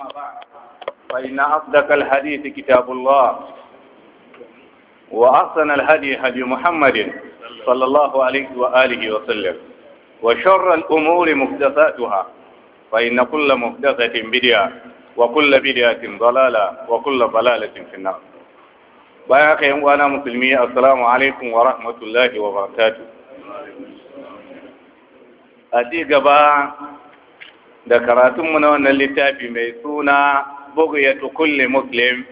أما بعد فإن أصدق الحديث كتاب الله وأحسن الهدي هدي محمد صلى الله عليه وآله وسلم وشر الأمور محدثاتها فإن كل محدثة بدعة وكل بدعة ضلالة وكل ضلالة في النار بارك يا أنا مسلمي السلام عليكم ورحمة الله وبركاته أتي gaba da karatunmu na wannan littafi mai suna bugiyatu kulli muslim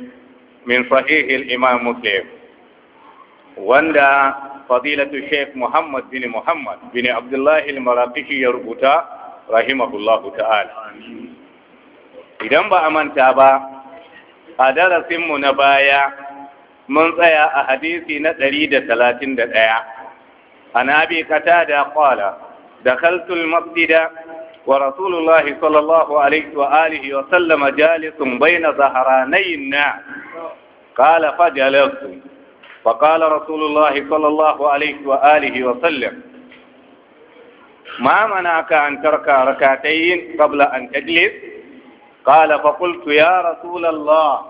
min sahihil imam muslim wanda fadilatu sheikh muhammad bin muhammad bin abdullahi al-maraqishi ya rubuta rahimahullahu ta'ala idan ba a manta ba a darasinmu na baya mun tsaya a hadisi na ɗari da talatin da ɗaya. an abi qatada qala dakhaltu al-masjida ورسول الله صلى الله عليه وآله وسلم جالس بين ظهراني النعم قال فجلست فقال رسول الله صلى الله عليه وآله وسلم ما منعك أن تركع ركعتين قبل أن تجلس قال فقلت يا رسول الله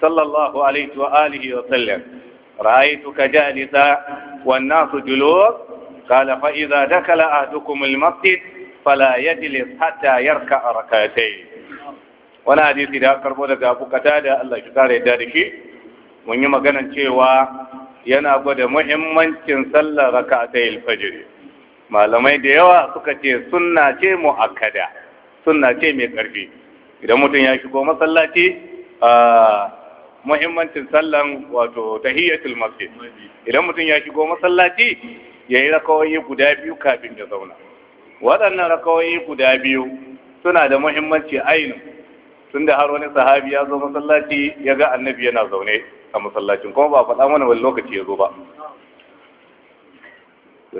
صلى الله عليه وآله وسلم رأيتك جالسا والناس جلوس قال فإذا دخل أهدكم المسجد fala yajlis hatta yarka rak'atayn wani hadisi da karbo daga Abu da Allah shi kare da shi mun yi maganan cewa yana gwada muhimmancin sallar rak'atayl fajr malamai da yawa suka ce sunna ce muakkada sunna ce mai karfi idan mutum ya shigo masallaci muhimmancin sallan wato tahiyatul masjid idan mutum ya shigo masallaci ya yi rakawoyi guda biyu kafin ya zauna waɗannan rakawoyi guda biyu suna da muhimmanci ainu tun da har wani sahabi ya zo masallaci ya ga annabi yana zaune a masallacin kuma ba faɗa mana wani lokaci ya zo ba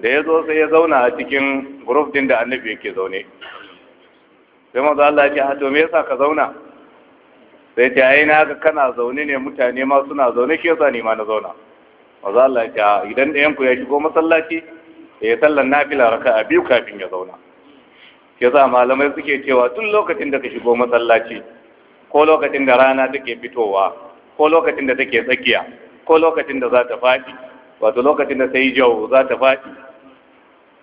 da ya zo sai ya zauna a cikin group din da annabi yake zaune sai manzo Allah ya ce ah, to me yasa ka zauna sai ta yi na kana zaune ne mutane ma suna zaune ke yasa ni ma na zauna manzo Allah ah, idan ɗayan ku ya shigo masallaci ya sallan nafila a biyu kafin ya zauna ya za malamai suke cewa tun lokacin da ka shigo masallaci ko lokacin da rana take fitowa ko lokacin da take tsakiya ko lokacin da za ta faɗi wato lokacin da ta yi jau za ta faɗi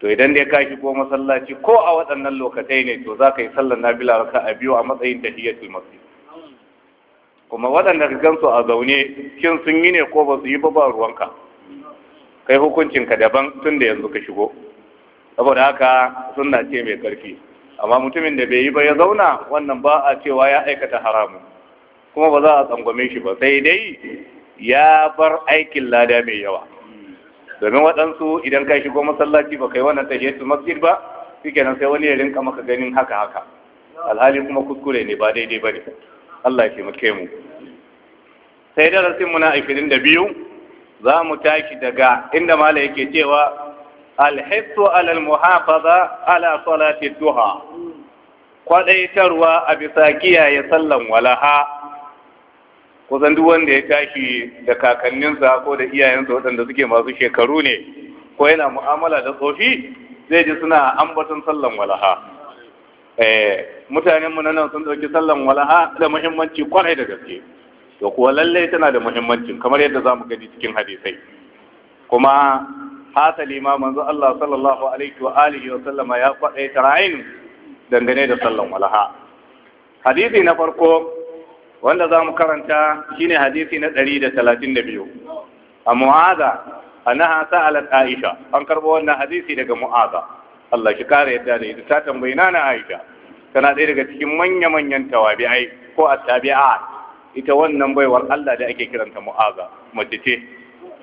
to idan dai ka shigo masallaci ko a waɗannan lokacai ne to za ka yi sallar nafila a biyu a matsayin tahiyatul masjid kuma waɗanda ka gansu a zaune kin sun yi ne ko ba su yi ba ba ruwanka kai hukuncin ka daban tun da yanzu ka shigo saboda haka sunna ce mai karfi amma mutumin da bai yi ba ya zauna wannan ba a cewa ya aikata haramu. kuma ba za a tsangwame shi ba sai dai ya bar aikin lada mai yawa domin waɗansu idan ka shigo masallaci ba kai wannan su masjid ba shikenan sai wani ya rinka maka ganin haka haka alhali kuma kuskure ne ba daidai ne. Allah ya taimake mu sai darasin mu na 22 za mu tashi daga inda mala yake cewa alhissu alal muhafaza ala salati duha kwadaitarwa a bisa kiyaye sallan walaha san duk wanda ya tashi da kakanninsa ko da iyayensa waɗanda suke masu shekaru ne ko yana mu'amala da tsofi zai ji suna ambaton sallan walaha eh, mutanenmu na nan sun ɗauki sallan walaha da muhimmanci kwarai da gaske to kuwa lalle tana da muhimmancin kamar yadda za mu gani cikin hadisai kuma hasali ma manzo Allah sallallahu alaihi wa alihi wa sallama ya faɗa tara'in dangane da sallan walaha hadisi na farko wanda za mu karanta shine hadisi na 132 a mu'aza annaha sa'alat aisha an karbo wannan hadisi daga mu'aza Allah shi kare yadda da ita ta tambayi na Aisha tana ɗaya daga cikin manya-manyan tawabi'ai ko at-tabi'at ita wannan baiwar Allah da ake kiranta mu'aza mace ce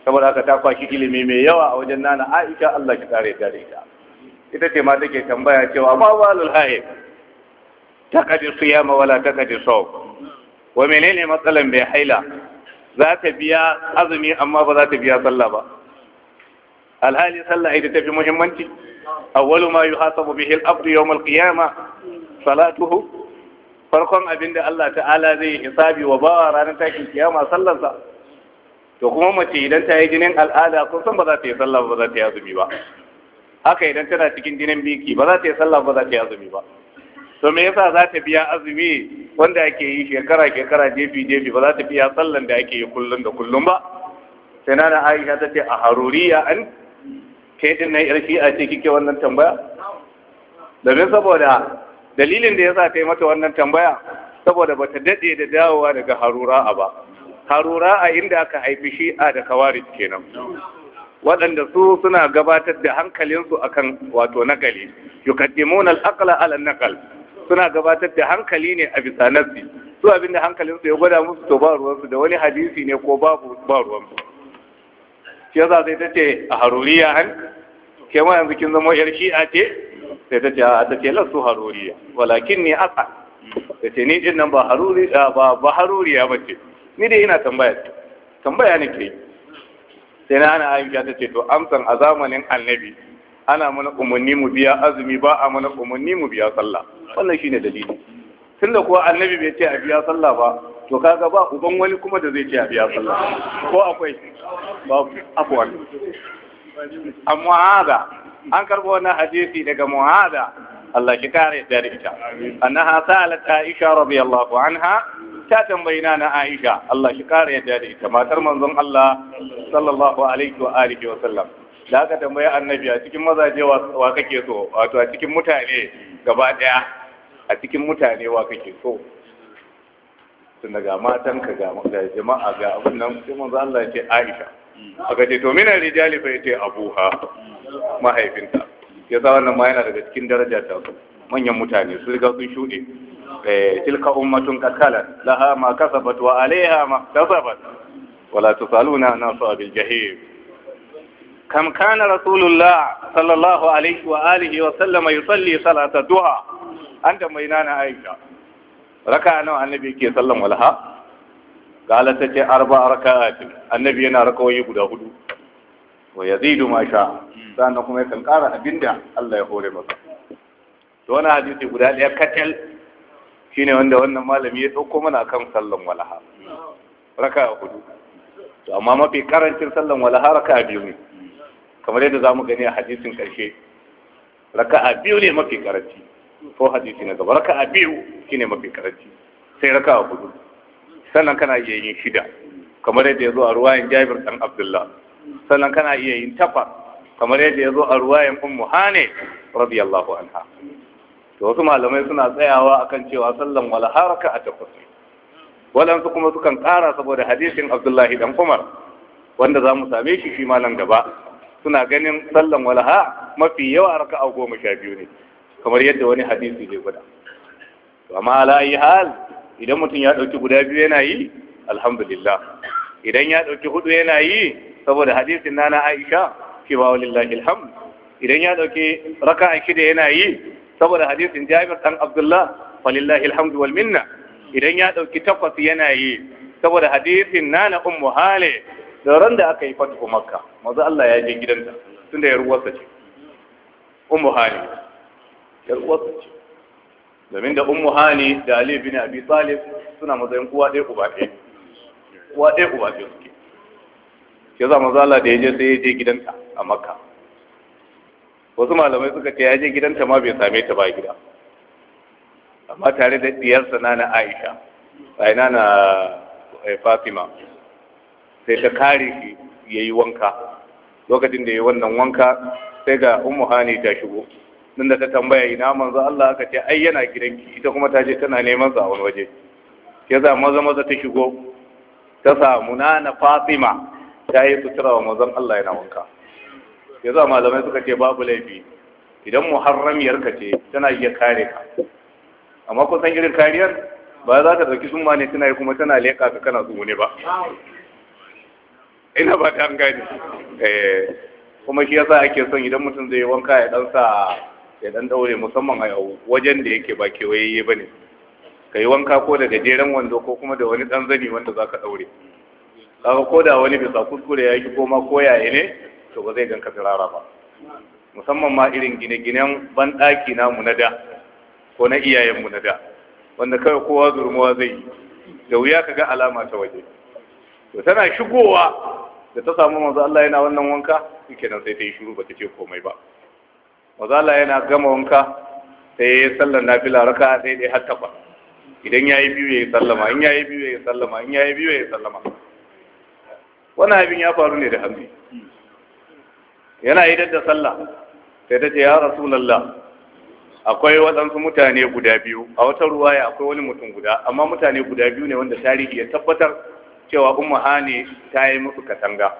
saboda haka ta kwashi ilimi mai yawa a wajen nana Aisha Allah ki kare ta da ita ita ce ma take tambaya cewa ma balul haid taqadi siyama wala taqadi sawm wa menene matsalan bai haila za ta biya azumi amma ba za ta biya sallah ba alhali sallah ita fi muhimmanci awwalu ma yuhasabu bihi al-abdu yawm al-qiyamah salatuhu farkon abin da Allah ta'ala zai hisabi wa bawa ranar tashin kiyama sallansa, to kuma mace idan ta yi jinin al'ada kun san ba za ta yi sallah ba za ta yi azumi ba haka idan tana cikin jinin biki ba za ta yi sallah ba za ta yi azumi ba to me yasa za ta biya azumi wanda ake yi shekara shekara jefi jefi ba za ta biya sallan da ake yi kullum da kullum ba sai na Aisha ta ce a haruriya an kai din nan yar shi'a ce kike wannan tambaya domin saboda dalilin da ya sa ta yi mata wannan tambaya saboda bata dade da dawowa daga harura'a ba harura'a inda aka haifi shi'a da kawarij kenan waɗanda su suna gabatar da hankalinsu akan wato nakali yukaddimun al ala nakal suna gabatar da hankali ne a bisa nafsi su da hankalinsu ya gwada musu to ba ruwansu da wani hadisi ne ko babu ba ruwansu shi yasa sai ta ce a haruriya an ke ma yanzu kin zama yar shi'a ce sai ta ce a ta ce lasu haruriya walakin ni asa ta ce ni jin nan ba haruriya ba ce ni dai ina tambaya ce tambaya ne ke sai na ana aisha ta ce to amsan a zamanin annabi ana mana umarni mu biya azumi ba a mana umarni mu biya sallah wannan shine dalili da kuwa annabi bai ce a biya sallah ba to kaga ba uban wani kuma da zai ce a biya sallah ko akwai ba akwai amma hada an karbo wannan hadisi daga muhada Allah ki kare da ita annaha salat aisha radiyallahu anha ta tambayina na aisha Allah ki kare da ita matar manzon Allah sallallahu alaihi wa alihi wa sallam da aka tambaye annabi a cikin mazaje wa kake so wato a cikin mutane gaba daya a cikin mutane wa kake so tun daga ka ga jama'a ga abun nan sai manzon Allah ya ce Aisha aka ce to mina rijali fa yace abuha mahaifinta ya sa wannan ma yana daga cikin daraja ta manyan mutane su riga sun shuɗe eh, tilka ummatun kakalan laha ma kasabat wa alaiha ma kasabat wala tusaluna na su abil jahim kam kana rasulullah sallallahu alaihi wa alihi wa sallama yusalli salata duha an da mai nana aisha raka nawa annabi ke sallan walha قالت ce arba'a ركعات annabi yana rakawai guda hudu wa yazidu ma sha hmm. sannan kuma yakan ƙara abinda Allah ya hore masa to wannan hadisi guda ɗaya kacal shine wanda wannan malami ya dauko mana kan sallan walaha raka hudu to amma mafi karancin sallan walaha raka biyu ne kamar yadda zamu gani a hadisin karshe raka biyu ne mafi karanci ko hadisi na gaba raka biyu shine mafi karanci sai raka hudu sannan kana iya yin shida kamar yadda ya zo a ruwayan Jabir dan Abdullah sannan kana iya yin tafa kamar yadda ya zo a ruwayan ummu hane radiyallahu anha to wasu malamai suna tsayawa akan cewa sallan wala haraka a takwas waɗansu kuma sukan kara saboda hadisin abdullahi dan umar wanda za mu same shi shi nan gaba suna ganin sallan walaha mafi yawa raka a goma sha biyu ne kamar yadda wani hadisi ke guda amma ala yi hal idan mutum ya ɗauki guda biyu yana yi alhamdulillah idan ya ɗauki hudu yana yi saboda hadisin nana Aisha cewa walillahi alhamd idan ya dauke raka'a shida yana yi saboda hadisin Jabir dan Abdullah walillahi alhamd wal minna idan ya dauki takwas yana yi saboda hadisin nana Ummu Hale da ran da aka yi fatu Makka maza Allah ya je gidanta tunda ya ruwarsa sace, Ummu Hale ya ruwarsa sace. domin da Ummu Hale da Ali bin Abi Talib suna matsayin kuwa ɗaya uba ɗaya uwa ɗaya uba ɗaya ya zama zala da ya je sai ya je gidanta a makka wasu malamai suka ce ya je gidanta ma bai same ta ba gida amma tare da diyarsa na aisha ai na eh, fatima sai ta kare shi ya yi wanka lokacin da ya yi wannan wanka sai ga umu hani ta shigo nan da ta tambaya ina manzo Allah aka ce ai yana gidanki ita kuma ta je tana neman sa a wani waje ya za maza maza ta shigo ta samu na na fatima ya yi sutura wa mazan Allah yana wanka ya za malamai suka ce babu laifi idan muharramiyar ka ce tana iya kare ka amma kusan irin kariyar ba za ta ɗauki sun ne tana yi kuma tana leƙa ka kana tsugune ba ina ba ta gani eh, kuma shi yasa ake son idan mutum zai wanka ya dan sa ya dan daure musamman a wajen da yake ba ba bane ka yi wanka ko da gajeren wando ko kuma da wani dan zani wanda za ka ɗaure. kaga ko da wani bisa kuskure ya yi koma koya ne to ba zai ganka tsirara ba musamman ma irin gine-ginen banɗaki namu na da ko na iyayenmu na da wanda kawai kowa zurmuwa zai yi da wuya ka ga alama ta waje to tana shigowa da ta samu manzo Allah yana wannan wanka yake nan sai ta yi shiru ba ta ce komai ba manzo Allah yana gama wanka sai ya sallar nafila raka ɗaya har takwas idan yayi biyu yayi sallama in yayi biyu yayi sallama in yayi biyu yayi sallama Wani abin ya faru ne da hannu yana idan da sallah sai ta ce ya rasulallah akwai waɗansu mutane guda biyu a wata ruwaya akwai wani mutum guda amma mutane guda biyu ne wanda tarihi ya tabbatar cewa umma hani ta yi musu katanga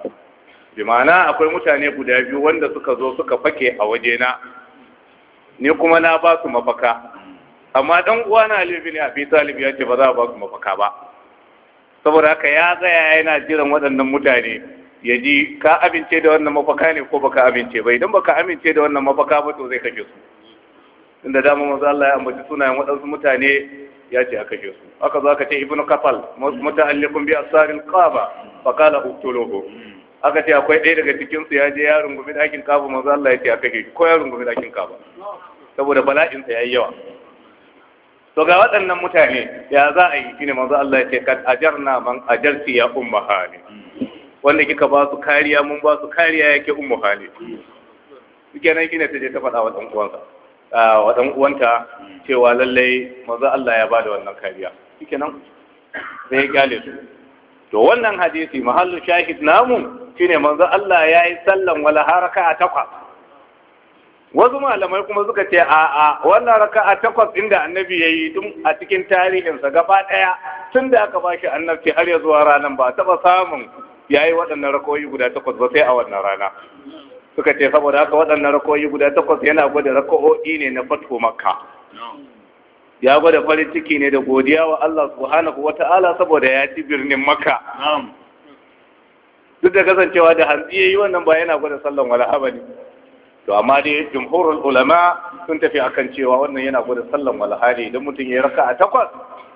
bi ma'ana akwai mutane guda biyu wanda suka zo suka fake a wajena ni kuma na ba su mafaka amma dan alibi ne a fi Talib ya ce ba za a ba su mafaka ba saboda haka ya tsaya yana jiran waɗannan mutane ya ji ka amince da wannan mafaka ne ko baka amince ba idan baka amince da wannan mafaka ba to zai kashe su inda dama manzo Allah ya ambaci sunayen waɗansu mutane ya ce a kashe su aka zo aka ce ibnu kafal muta'alliqun bi asarin qaba fa qala uktuluhu aka ce akwai ɗaya daga cikin su ya je ya rungumi dakin kaba manzo Allah ya ce a kashe shi ko ya rungumi dakin kaba saboda bala'in sa yayi yawa to ga waɗannan mutane ya za a yi shine manzo Allah ya ce kad ajarna man ajarti ya umma hali wanda kika ba su kariya mun ba su kariya yake ummu hali kenan gina ta je ta faɗa wa dan uwansa wa dan uwanta cewa lallai manzo Allah ya bada wannan kariya nan sai gale su to wannan hadisi mahallu shahid namu shine manzo Allah ya yi sallan wala haraka a takwa wasu malamai kuma suka ce a'a wannan raka'a takwas inda annabi ya yi tun a cikin tarihinsa gaba ɗaya tun da aka ba shi annabci har ya zuwa ranar ba taɓa samun ya yi waɗannan rakoyi guda takwas ba sai a wannan rana suka ce saboda haka waɗannan rakoyi guda takwas yana gwada rako'o'i ne na fatko makka ya gwada farin ciki ne da godiya wa Allah subhanahu wata'ala saboda ya ci birnin makka duk da kasancewa da hantsi ya yi wannan ba yana gwada sallan walhaba to amma dai jumhurul ulama sun tafi akan cewa wannan yana gudun sallan walhali idan mutum ya raka a takwas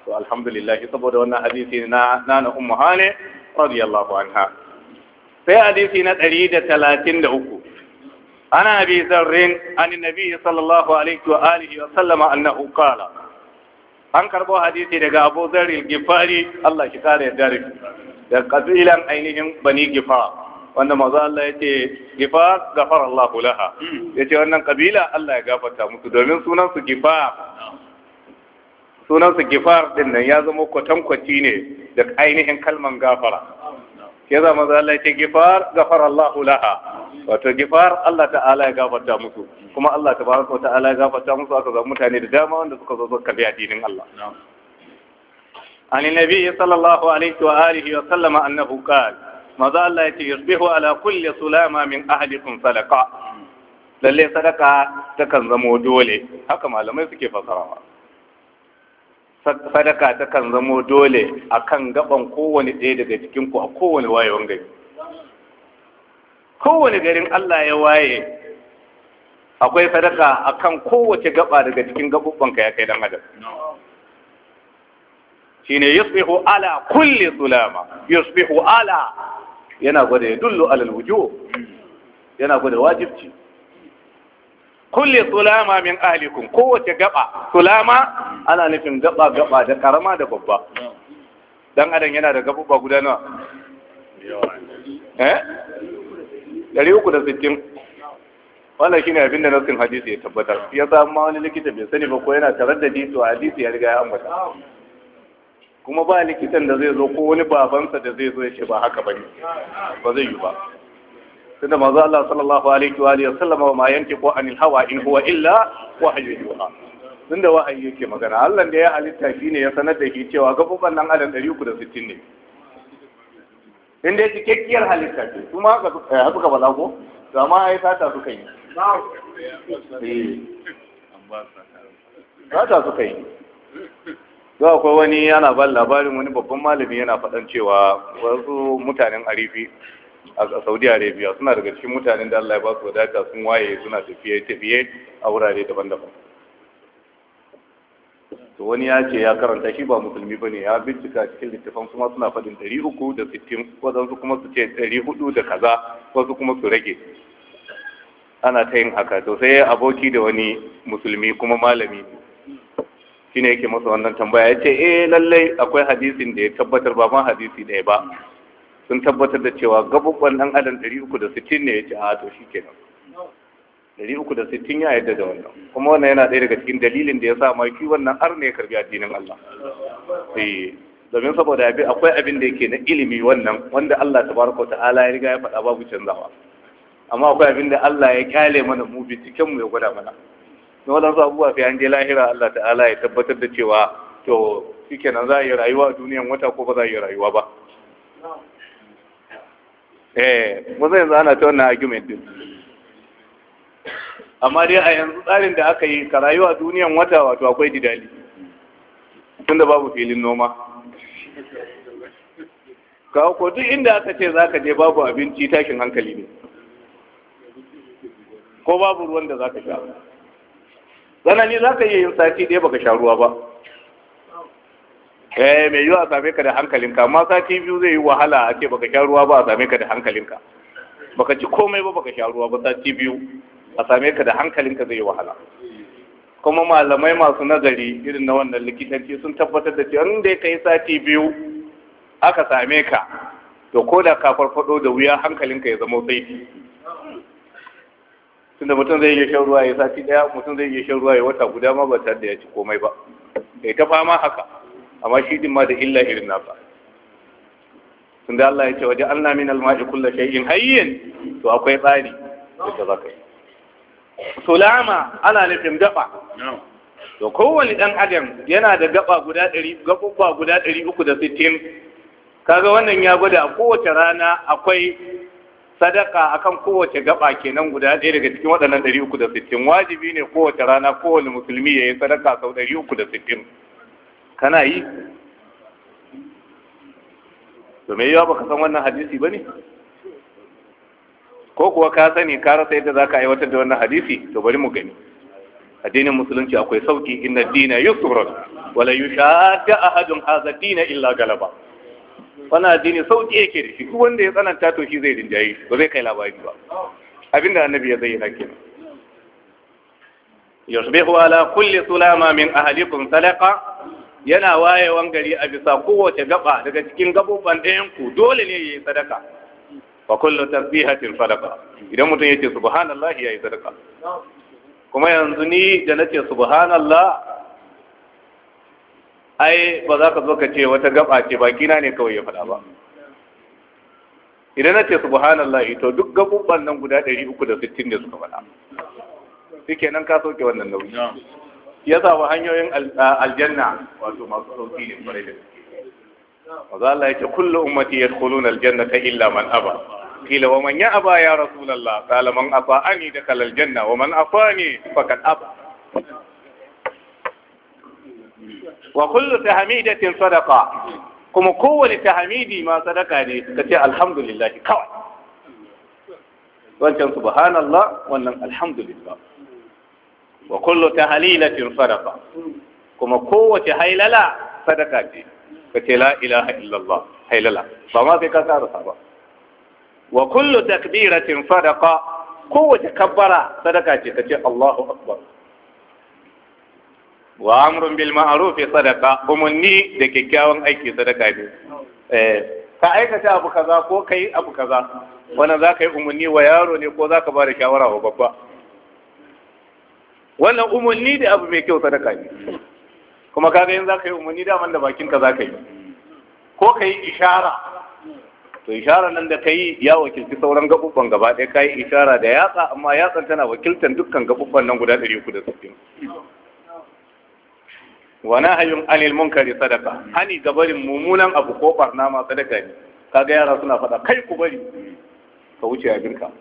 to alhamdulillah saboda wannan hadisi na nana ummu hane radiyallahu anha sai hadisi na 133 ana abi zarrin an nabi sallallahu alaihi wa alihi wa sallama annahu qala an karbo hadisi daga Abu Zarri al-Ghifari Allah shi kare yarda da shi kabilan ainihin Bani Gifar wanda maza Allah ya ce gifar gafar Allah laha hmm. ya ce wannan kabila Allah ya gafarta musu domin sunansu gifar sunansu gifar din nan ya zama kwatankwaci ne da ainihin kalman gafara ya zama maza Allah ya ce gifar gafar Allah laha wato gifar Allah ta'ala ya gafarta musu kuma Allah tabaraka wa ta'ala ya gafarta musu aka zama mutane da dama wanda suka zo suka bi addinin Allah عن النبي صلى الله عليه وآله وسلم أنه قال maza Allah ya yake yusbihu ala kulli sulama min ahlikum sadaqa lalle sadaka takan zamo dole haka malamai suke fasarawa sadaka takan zamo dole akan gaban kowane ɗaya daga cikin ku a kowane wayewan gari kowane garin Allah ya waye akwai sadaka akan kowace gaba daga cikin gaɓuɓɓanka ya kai dan adam shine yusbihu ala kulli sulama yusbihu ala yana gwada ya dullu alal wujo yana gwada wajibci kulli sulama min ahlikum kowace gaba sulama ana nufin gaba gaba da karama da babba dan adam yana da gabubba guda nawa eh 360 wannan shine abin da nasin hadisi ya tabbatar ya zama wani likita bai sani ba ko yana tarar da hadisi to hadisi ya riga ya ambata kuma ba likitan da zai zo ko wani babansa da zai zo ya ce ba haka ba ne ba zai yi ba tunda maza Allah sallallahu alaihi wa alihi wasallam wa ma ko anil hawa in huwa illa wahyu yuha tunda wahayi yake magana Allah da ya halitta shi ne ya sanar da shi cewa gabuban nan adam 360 ne in dai cikakkiyar halitta ce kuma haka ba bala ko to amma ai sata suka yi eh. sata suka yi za akwai wani yana ba labarin wani babban malami yana faɗan cewa wasu mutanen arifi a saudi arabia suna daga cikin mutanen da allah ya ba su wadata sun waye suna tafiye-tafiye a wurare daban-daban to wani ya ce ya karanta shi ba musulmi ba ne ya bincika cikin littafan kuma suna faɗin ɗari uku da sittin waɗansu kuma su ce ɗari hudu da kaza wasu kuma su rage ana ta yin haka to sai aboki da wani musulmi kuma malami shine yake masa wannan tambaya ya ce, eh lallai akwai hadisin da ya tabbatar ba ma hadisi ɗaya ba sun tabbatar da cewa gabubban ɗan adam 360 ne ya ce a ah, to da 360 ya yadda da wannan kuma wannan yana ɗaya daga cikin dalilin da ya sa ma shi wannan har ne ya karbi addinin Allah eh domin saboda abin akwai abin da yake na ilimi wannan wanda Allah tabaraka ta'ala ya riga ya faɗa babu canzawa amma akwai abin da Allah ya kyale mana mu bi cikin mu ya gwada mana da waɗansu abubuwa sai an je lahira Allah ta'ala ya tabbatar da cewa to shi kenan za a yi rayuwa a duniyan wata ko ba za a yi rayuwa ba eh ba zai ana ta wannan argument din amma dai a yanzu tsarin da aka yi ka rayuwa a duniyan wata wato akwai didali tunda babu filin noma ka ko duk inda aka ce za ka je babu abinci tashin hankali ne ko babu ruwan da za ka sha Zana ne za ka iya yin sati ɗaya baka sha ruwa ba eh mai yiwa a same ka da hankalinka amma sati biyu zai yi wahala a ce baka sha ruwa ba a same ka da hankalinka baka ci komai ba baka sha ruwa ba sati biyu a same ka da hankalinka zai yi wahala kuma malamai masu nazari irin na wannan likitanci sun tabbatar da cewa inda ya kai sati biyu aka same ka to ko da ka farfado da wuya hankalinka ya zama sai tunda mutum zai iya shan ruwa ya sati daya mutum zai iya shan ruwa ya wata guda ma ba tare da ya ci komai ba ya ta fama haka amma shi din ma da illa irin nasa tunda Allah ya ce waje Allah min alma'i kullu shay'in hayyin to akwai tsari da zaka yi sulama ana nufin gaba to kowane dan adam yana da gaba guda 100 gaba guda 360 kaga wannan ya gwada a kowace rana akwai sadaka akan kowace gaba kenan guda ɗaya daga cikin waɗannan ɗari uku da sittin wajibi ne kowace rana kowane musulmi ya yi sadaka sau ɗari uku da sittin kana yi to me yawa baka san wannan hadisi ba ne ko kuwa ka sani ka rasa yadda ka aiwatar da wannan hadisi to bari mu gani addinin musulunci akwai sauki inna dina yusrun wala yushadda ahadun hadha dina illa galaba wani addini sauƙi yake da shi duk wanda ya tsananta to shi zai rinjaye ba zai kai labari ba abinda annabi ya zayyana kenan yusbihu ala kulli sulama min ahlikum sadaka yana wayewan gari a bisa kowace gaba daga cikin gaboban ɗayan ku dole ne yayi sadaka wa kullu tasbihatin sadaka, idan mutum yace subhanallahi yayi sadaka kuma yanzu ni da nace subhanallah ai ba za ka zo ka ce wata gaba ce bakina ne kawai ya faɗa ba idan na ce subhanallah to duk gabubban nan guda 360 da suka faɗa shike nan ka soke wannan nauyi ya sa wa hanyoyin aljanna wato masu sauki ne kwarai da maza Allah ya ce kullu ummati Aljanna ta illa man aba kila wa man aba ya rasulullah qala man afa'ani dakhala aljanna wa man ne faqad aba wa kullu tahmidatin sadaqa kuma kowane tahmidi ma sadaka ne ka ce alhamdulillah kawai wancan subhanallah wannan alhamdulillah wa kullu tahlilatin sadaqa kuma kowace hailala sadaka ce ka ce la ilaha illallah hailala ba ma sai ka tsara ba wa kullu takbiratin sadaqa kowace kabbara sadaka ce ka ce Allahu akbar wa amrun bil ma'ruf sadaqa umunni da kyakkyawan aiki sadaka ne eh ka aikata abu kaza ko kai abu kaza wannan zaka yi umanni wa yaro ne ko zaka ba da shawara wa babba wannan umunni da abu mai kyau sadaka ne kuma kaga yin zaka yi umanni da man da bakin ka zaka yi ko kai ishara to ishara nan da kai ya wakilci sauran gabubban gaba ɗaya kai ishara da yatsa amma yatsan tana wakiltar dukkan gabubban nan guda 360 wa hayun anil munkari sadaka hani gabarin mummunan abu ko barna ma sadaka ne kaga yara suna faɗa kai ku bari ka wuce abin ka.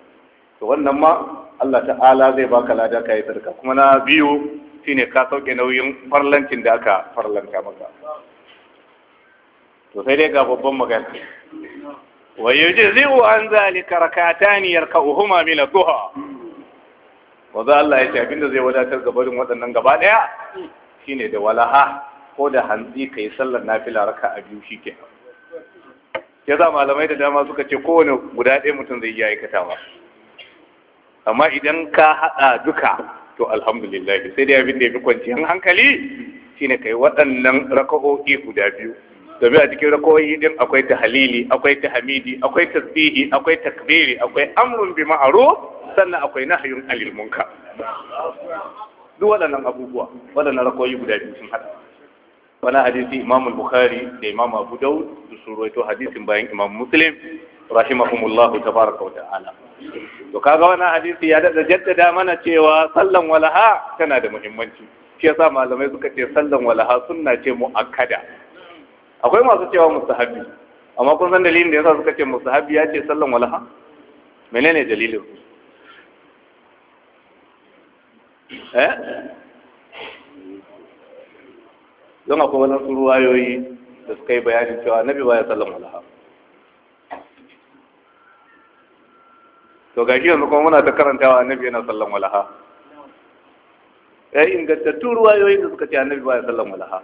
to wannan ma Allah ta'ala zai baka lada ka yi sadaka kuma na biyu shine ka sauke nauyin farlancin da aka farlanta maka to sai dai ga babban magana wa yujzi'u an zalika rakatani yarka'uhuma min ad-duha wa za Allah ya ce abinda zai wadatar gabarin waɗannan gaba ɗaya. shine da walaha ko da hantsi kai sallar nafila raka a biyu shike ya za malamai da dama suka ce kowane guda ɗaya mutum zai iya aikatawa amma idan ka haɗa duka to alhamdulillah sai dai abin da ya fi kwanciyar hankali shine kai waɗannan raka'o'i guda biyu domin a cikin raka'o'i din akwai ta Halili, akwai ta Hamidi, akwai tasbihi akwai takbiri akwai amrun bi ma'aru sannan akwai na anil munkar duk waɗannan abubuwa waɗannan rakoyi guda biyu sun haɗa wani hadisi imam bukhari da imam abu daud da surwaito hadisin bayan imam muslim rahimahumullahu fara kauta ala. to kaga wani hadisi ya daɗa jaddada mana cewa sallan walaha tana da muhimmanci shi yasa malamai suka ce sallan walaha sunna ce muakkada akwai masu cewa mustahabi amma kun san dalilin da yasa suka ce mustahabi ya ce sallan walaha menene dalilin eh don akwai wani su ruwayoyi da suka yi bayanin cewa nabi baya sallan walaha to gashi yanzu kuma muna ta karantawa annabi yana sallan walaha ya eh, ingantattun ruwayoyin da suka ce annabi baya sallan walaha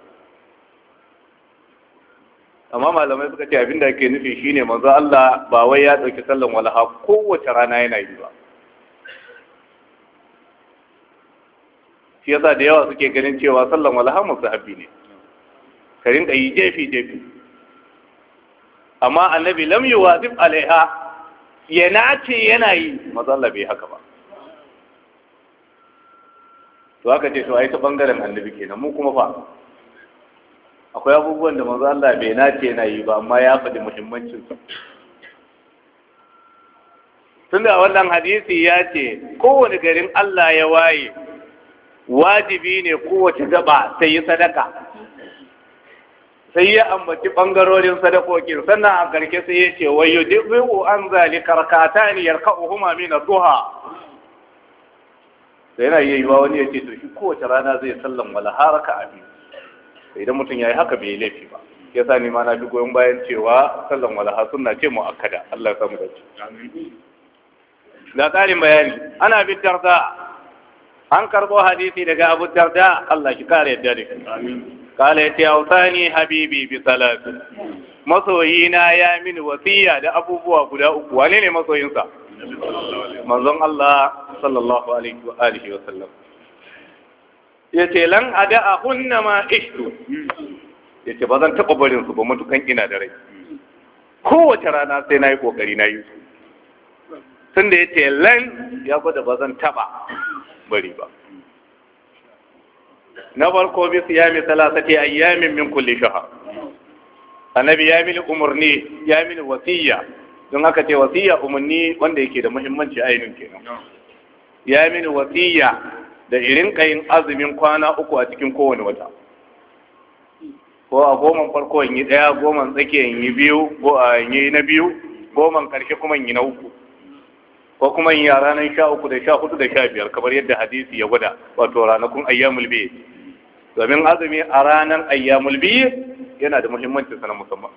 amma malamai suka ce abinda ke nufi shine manzo Allah ba wai ya dauki sallan walaha kowace rana yana yi ba shi yasa da yawa suke ganin cewa sallan walaha musahabi ne Karin ɗayi yi jefi jefi amma annabi lam yuwazif alaiha ya nace yana yi matsala bai haka ba to haka ce to ta bangaren annabi kenan mu kuma fa akwai abubuwan da manzo Allah bai nace yana yi ba amma ya faɗi muhimmancin su tunda wannan hadisi ya ce kowane garin Allah ya waye wajibi ne kowace gaba ta yi sadaka sai ya ambaci bangarorin sadakokin sannan a garke sai ya ce wayo dubu an zali karkata ne yarka uhuma mina duha sai yana yi yiwuwa wani ya ce to shi kowace rana zai sallan wala haraka a biyu sai idan mutum ya yi haka bai laifi ba ya sa ni ma na fi goyon bayan cewa sallan wala ha suna ce mu akada Allah ya samu ci na tsarin bayani ana bin darda an karbo hadisi daga Abu Darda Allah shi kare yadda da kala yace autani habibi bi salatu masoyina ya mini wasiya da abubuwa guda uku wane ne masoyinsa manzon Allah sallallahu alaihi wa alihi wa sallam yace lan ada'a hunna ma ishtu yace ba zan taba barin su ba mutukan ina da rai kowace rana sai nayi kokari nayi su tunda yace lan ya gwada ba zan taba bari ba na farko bi siyami salasati ayyamin min kulli shahr annabi ya mini umarni ya mini wasiya don haka ce wasiya umarni wanda yake da muhimmanci ainihin kenan ya mini wasiya da irin kayin azumin kwana uku a cikin kowane wata ko a goman farko in yi ɗaya goman tsakiya in yi biyu ko a yi na biyu goman karshe kuma in yi na uku ko kuma yin a ranar sha uku da sha hudu da sha biyar kamar yadda hadisi ya gwada wato ranakun ayyamul biyu domin azumi a ranar ayyamul biyu yana da muhimmanci sana musamman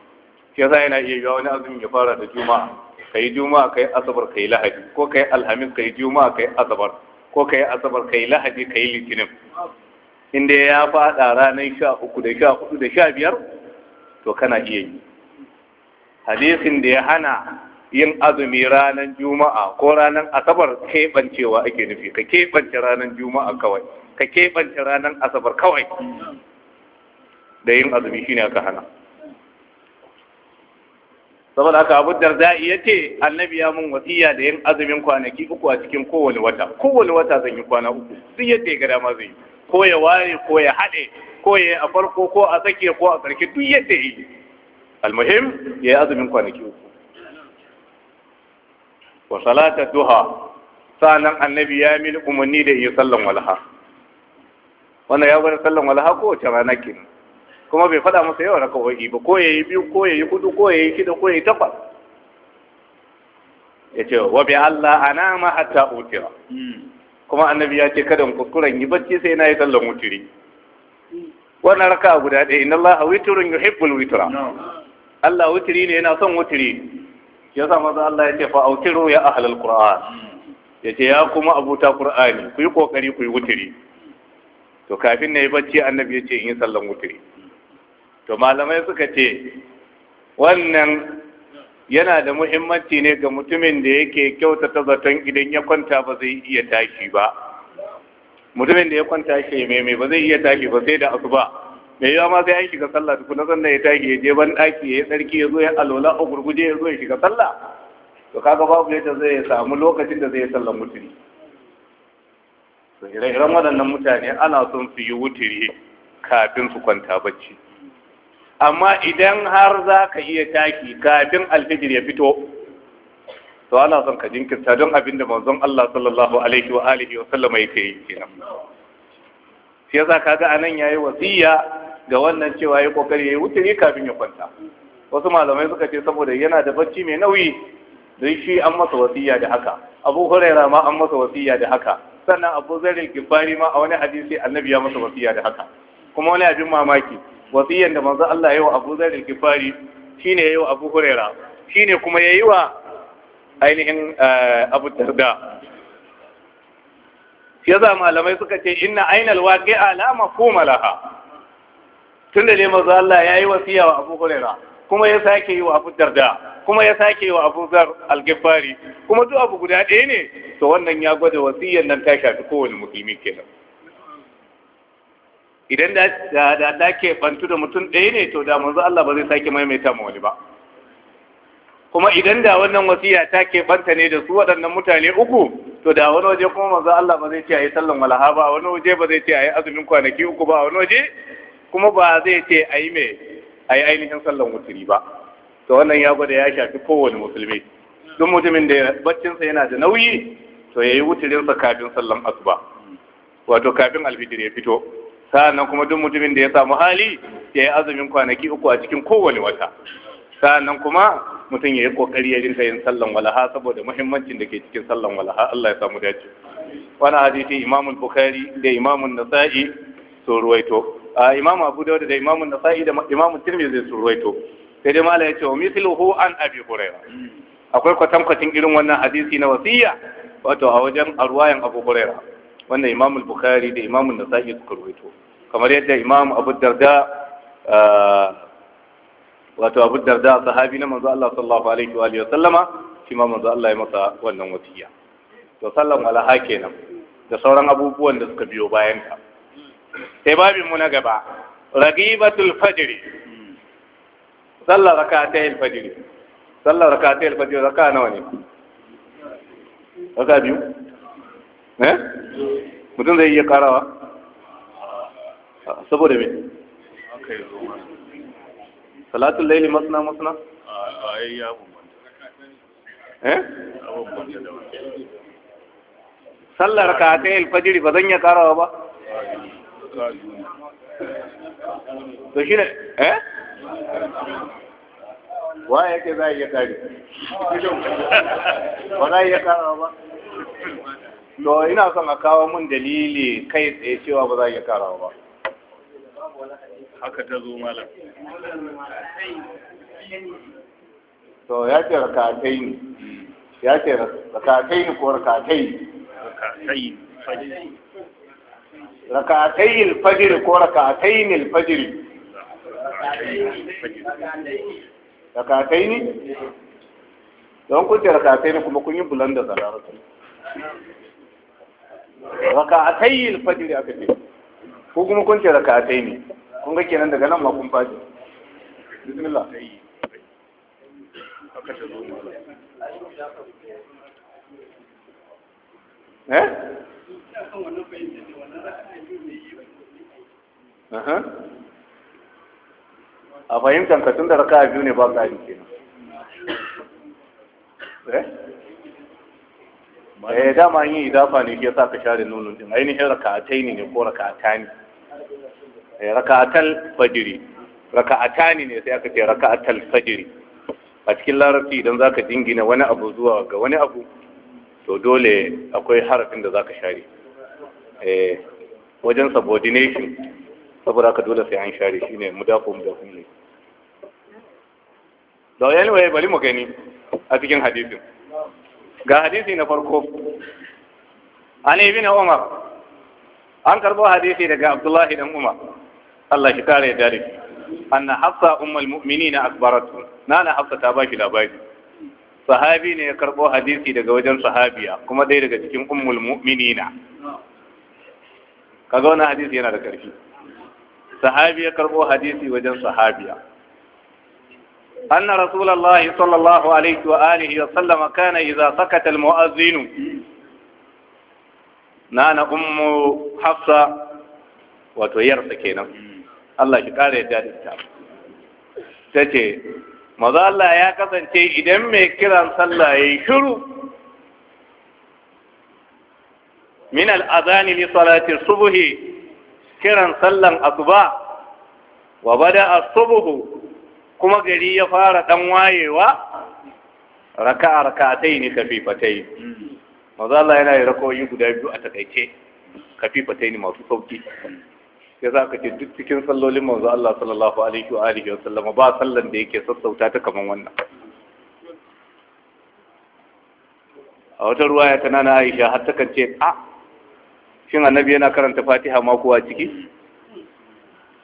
shi yasa yana iya yiwa wani azumi ya fara da juma'a kai juma'a kai asabar kai lahadi ko kai alhamis kai juma'a kai asabar ko kai asabar kai lahadi kai litinin inda ya faɗa ranar sha uku da sha hudu da sha biyar to kana iya yi hadisin da ya hana yin azumi ranar juma'a ko ranar asabar keɓancewa ake nufi ka keɓance ranar juma'a kawai ka keɓance ranar asabar kawai da yin azumi shine aka hana saboda aka abu darda ya ce annabi ya mun wasiya da yin azumin kwanaki uku a cikin kowane wata kowane wata zan yi kwana uku sun yadda ya ga dama zai yi ko ya ware ko ya haɗe ko ya yi a farko ko a tsakiya ko a ƙarshe duk yadda ya yi almuhim ya yi azumin kwanaki uku wa salata duha sanan annabi ya mini umarni da yi sallan walha wannan ya gwada sallan walha kowace rana kenan kuma bai faɗa masa yawa raka wa'i ba ko yayi biyu ko yayi hudu ko yayi shida ko yayi takwas ya ce wa bi Allah ana ma hatta utira kuma annabi ya ce kada kuskuren yi bacci sai na yi sallan wutiri wannan raka guda ɗaya inna Allah witrun yuhibbul witra Allah wutiri ne yana son wutiri ya sa maza Allah ya ce fa aukiru ya ahlal qur'an ya ce ya kuma abuta qur'ani ku yi kokari ku yi wuturi to kafin na yi bacci annabi ya ce in yi sallan wuturi to malamai suka ce wannan yana da muhimmanci ne ga mutumin da yake kyautata zaton idan ya kwanta ba zai iya tashi ba mutumin da ya kwanta shi mai mai ba zai iya tashi ba sai da asuba me yawa ma sai an shiga sallah duk na sannan ya tashi ya je ban daki ya tsarki ya zo ya alola a gurguje ya zo ya shiga sallah to kaga babu yadda zai samu lokacin da zai sallar mutuni to ire-iren waɗannan mutane ana son su yi wutiri kafin su kwanta bacci amma idan har za ka iya taki kafin alfijir ya fito to ana son ka jinkirta don abin da manzon Allah sallallahu alaihi wa alihi wa sallama yake yi kenan shi yasa kaga anan yayi wasiya ga wannan cewa ya kokari ya wuce wuturi kafin ya kwanta wasu malamai suka ce saboda yana da bacci mai nauyi don shi an masa wasiya da haka abu huraira ma an masa wasiya da haka sannan abu zarin gibari ma a wani hadisi annabi ya masa wasiya da haka kuma wani abin mamaki wasiyan da manzo Allah ya yi wa abu zarin gibari shine yi wa abu huraira shine kuma ya yi wa ainihin eh, abu darda ya malamai suka ce inna ainal waqi'a la mafhuma laha tun da ne maza Allah ya yi wasiya wa abu hurera kuma ya sake yi wa abu darda kuma ya sake yi wa abu zar algifari kuma duk abu guda ɗaya ne to wannan ya gwada wasiyyar nan ta shafi kowane musulmi kenan idan da da da ke bantu da mutum ɗaya ne to da manzo Allah ba zai sake maimaita ma wani ba kuma idan da wannan wasiya ta ke banta ne da su waɗannan mutane uku to da wani waje kuma manzo Allah ba zai ce ayi sallan walaha ba wani waje ba zai ce ayi azumin kwanaki uku ba wani waje kuma ba zai ce a yi mai a yi ainihin sallan wuturi ba to wannan ya gwada ya shafi kowane musulmi duk mutumin da baccinsa yana da nauyi to ya yi wuturinsa kafin sallan asuba wato kafin alfitir ya fito sa'annan kuma duk mutumin da ya samu hali ya yi azumin kwanaki uku a cikin kowane wata sa'annan kuma mutum ya yi kokari ya rinka yin sallan walaha saboda muhimmancin da ke cikin sallan walaha Allah ya samu dace wani hadisi imamul bukhari da imamul nasa'i sun ruwaito imam abu dawud da imam nasa'i da imam tirmidhi sun ruwaito sai dai mala yace wa mithluhu an abi huraira akwai kwatankwacin irin wannan hadisi na wasiya wato a wajen arwayan abu huraira wannan imam al-bukhari da imam an-nasa'i suka ruwaito kamar yadda imam abu darda wato abu darda sahabi na manzo Allah sallallahu alaihi wa alihi sallama shi ma manzo Allah ya masa wannan wasiya to sallan alaha kenan da sauran abubuwan da suka biyo bayan ta sai babin mu na gaba ragibatul fajri sallar fajri sallar fajri raka nawa ne raka biyu eh mutum zai iya karawa saboda me salatul laili masna masna a ya eh sallar rakatayil fajiri ba zan iya karawa ba to shi ne eh wa yake za a iya kare ba za a iya karawa ba to ina son a kawo mun dalili kai tsaye cewa ba za a iya karawa ba haka ta zo malam to ya ce rakatai ne ya ce kai ni ko kai. rakatai ركعتي الفجر fajr ko ركعتين ne don kun ce raka'atay ne kuma kun yi bulanda da larabci raka'atay al aka ce ko kuma kun ce ne kun ga kenan daga nan ma kun bismillah eh a fahimtar ka tun da raka biyu ne ba ƙari nan. Eh? eh dama yi idafa ne ke sa ka share nunun din ainihin raka'atai ne ko raka'atani eh tal fajiri raka'atani ne sai aka ce tal fajiri a cikin larabci idan za ka jingina wani abu zuwa ga wani abu to dole akwai harafin da za ka share eh wajen subordination saboda haka dole sai an share shi ne mudafu mudafu ne da wani waye bari mu gani a cikin hadisin ga hadisi na farko an ibi na umar an karbo hadisi daga abdullahi dan umar Allah shi kare da rufi anna hafsa ummul mu'minina akbaratu nana hafsa ta baki labari sahabi ne ya karbo hadisi daga wajen sahabiya kuma dai daga cikin ummul mu'minina kaga wannan hadisi yana da karfi sahabi ya karbo hadisi wajen sahabiya anna rasulullahi sallallahu alaihi wa alihi wa sallama kana idza sakata almu'adhdhin nana ummu hafsa wato yarsa kenan Allah ki kare yadda da ta ce maza ya kasance idan mai kiran sallah yayi shiru min al li subhi kiran sallan asuba wa bada asubuhu kuma gari ya fara dan wayewa raka'a raka'atai ne kafifatai maza Allah yana yi rakoyi guda biyu a takaice kafifatai ne masu sauki ya za ka ce duk cikin sallolin maza Allah sallallahu alaihi wa alihi wa sallama ba sallan da yake sassauta ta kaman wannan a wata ruwa ya tana na Aisha har ta ce a ah, shin annabi yana karanta fatiha ma kuwa ciki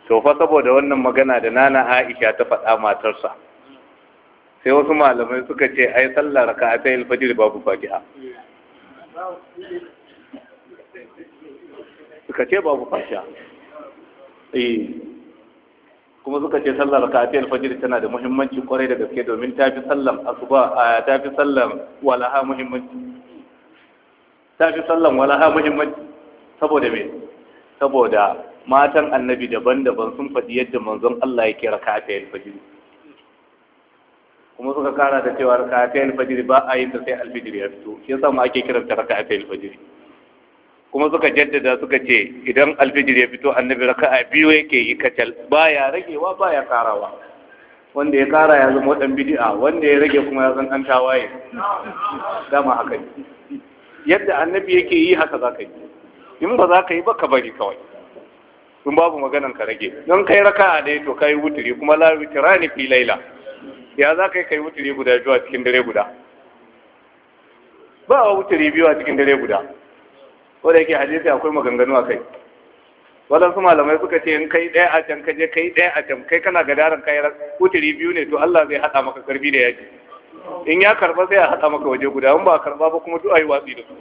to fa saboda wannan magana da nana aisha ta faɗa matarsa sai wasu malamai suka ce ai sallah raka ta fajr babu fatiha suka ce babu fatiha eh kuma suka ce sallar raka'atul fajr tana da muhimmanci kwarai da gaske domin ta fi sallan asuba ta fi sallan walaha muhimmanci ta fi sallan walaha muhimmanci saboda me saboda matan annabi daban-daban sun faɗi yadda manzon Allah ya kira kafin fajiri, kuma suka kara da cewa kafin alfajir ba a yi ta sai alfajir ya fito shi yasa mu ake kiranta kafin alfajir kuma suka jaddada suka ce idan alfijir ya fito annabi raka'a biyu yake yi kacal baya ragewa baya karawa wanda ya kara ya zama wadan bid'a wanda ya rage kuma ya san an tawaye dama haka yadda annabi yake yi haka zaka yi in ba za ka yi ba ka bari kawai in babu maganan ka rage don kai raka a ɗaya to kai wuturi kuma la ne fi laila ya za ka yi kai wuturi guda biyu a cikin dare guda ba wa wuturi biyu a cikin dare guda wadda yake hadisi akwai maganganu a kai waɗansu malamai suka ce in kai ɗaya a can ka je kai ɗaya a can kai kana gadaran kai wuturi biyu ne to Allah zai haɗa maka karfi da yaki in ya karɓa sai a haɗa maka waje guda in ba a karɓa ba kuma duk a yi watsi da su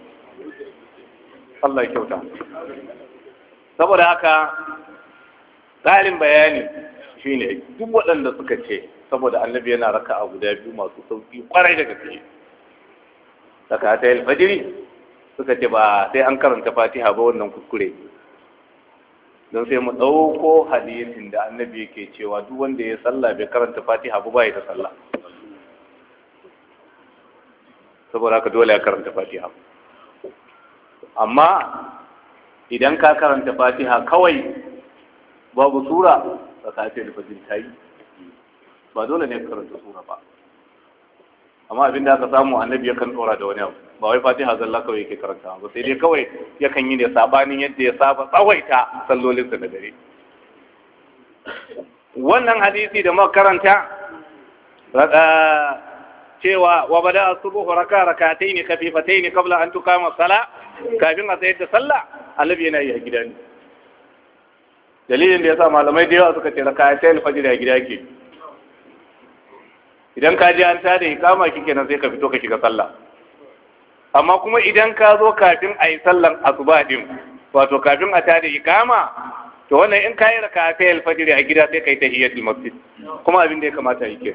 Allah ya kyauta saboda haka tsarin bayani shine duk waɗanda suka ce saboda annabi yana raka a guda biyu masu sauƙi ƙwarai da gaske saka ta alfajiri suka ce ba sai an karanta fatiha ba wannan kuskure don sai mu ɗauko hadisin da annabi yake cewa duk wanda ya sallah bai karanta fatiha ba bai da sallah saboda haka dole ya karanta fatiha amma idan ka karanta fatiha kawai babu sura ba ka ce da fajin ta yi ba dole ne karanta sura ba amma abin da aka samu annabi kan tsora da wani abu ba wai fatiha zalla kawai yake karanta ba sai dai kawai yakan yi ne sabanin yadda ya saba tsawaita sallolinsa da dare wannan hadisi da muka karanta eh, cewa wa bada asubuhu raka rakataini khafifataini qabla an tuqama sala kafin a sayar da sallah annabi yana yi a gida ne dalilin da yasa malamai da yawa suka ce rakataini fajr a gida ke idan ka je an tada ikama kike nan sai ka fito ka shiga sallah amma kuma idan ka zo kafin a yi sallan asuba din wato kafin a tada kama, to wannan in ka yi rakataini fajr a gida sai kai tahiyatul masjid kuma abin da ya kamata ke.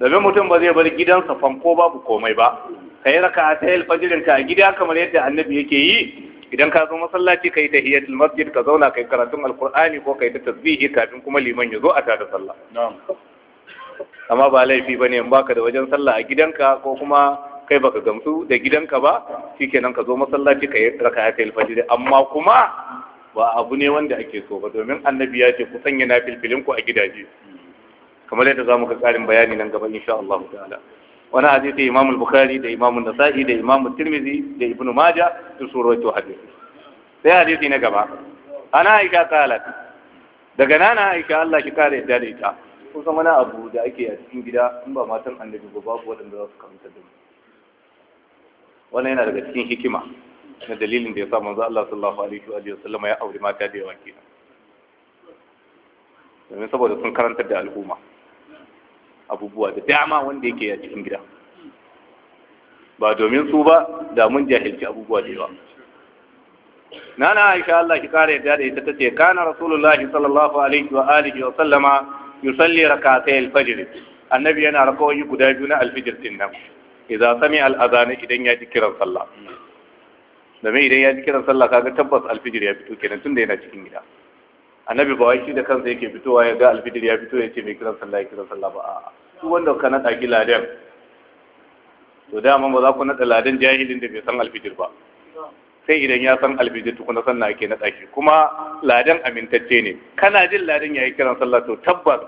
domin mutum ba zai bar gidansa fanko babu komai ba ka yi raka a tayil fajirin ka a gida kamar yadda annabi yake yi idan ka zo masallaci ka yi tahiyatul masjid ka zauna ka yi karatun alkur'ani ko ka yi ta tasbihi kafin kuma liman ya zo a tada sallah amma ba laifi ba ne in baka da wajen sallah a gidanka ko kuma kai baka gamsu da gidanka ba shikenan ka zo masallaci ka yi raka a tayil fajirin amma kuma ba abu ne wanda ake so ba domin annabi ya ce ku sanya na filfilinku a gidaje kamar yadda za mu ga ƙarin bayani nan gaba insha Allah ta'ala wani hadisi Imam al Bukhari da Imam Nasa'i da Imam Tirmidhi da Ibn Majah da suratu hadisi sai hadisi na gaba ana Aisha qalat daga nana aika. Allah ki kare yadda da ita kusan wani abu da ake a cikin gida in ba matan annabi ba babu wanda za su karanta da mu wannan yana daga cikin hikima na dalilin da ya sa manzo Allah sallallahu alaihi wa sallam ya aure mata da yawa kenan domin saboda sun karantar da al'umma abubuwa da dama wanda yake a cikin gida ba domin su ba da mun jahilci abubuwa da yawa Na na aisha Allah ki kare yadda da ita tace kana rasulullahi sallallahu alaihi wa alihi wa sallama yusalli rak'atay al-fajr annabi yana rakawoyi guda biyu na al-fajr din nan idza sami al-adhan idan ya ji kiran sallah da mai idan ya ji kiran sallah kaga tabbas al-fajr ya fito kenan tunda yana cikin gida annabi ba shi da kansa yake fitowa ya ga alfidir ya fito ya ce mai kiran sallah ya kiran sallah ba a'a su wanda ka nada ki ladan to dama ba za ku nada ladan jahilin da bai san alfidir ba sai idan ya san alfidir san sannan ake nada shi kuma ladan amintacce ne kana jin ladan yayi kiran sallah to tabbas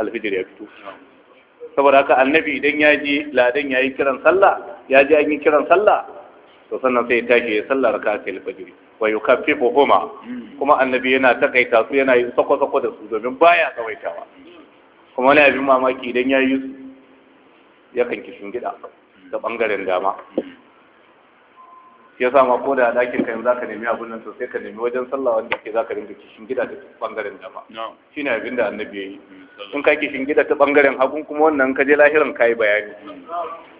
alfidir ya fito saboda haka annabi idan ya ji ladan yayi kiran sallah ya ji an yi kiran sallah to sannan sai ya tashi ya ka raka'a alfajiri wa yukaffifuhuma hmm. kuma annabi yana takaita su yana yin sako-sako da su domin baya tsawaitawa kuma wani abin mamaki idan ya yi su yakan kishin gida da bangaren dama ya sa ma ko da dakin ka zaka ka nemi abin nan sosai ka nemi wajen sallah wanda ke za ka dinga kishin gida ta bangaren dama shi ne abin da annabi ya yi hmm, in ka kishin gida ta bangaren hagun kuma wannan ka je lahirin ka yi bayani hmm.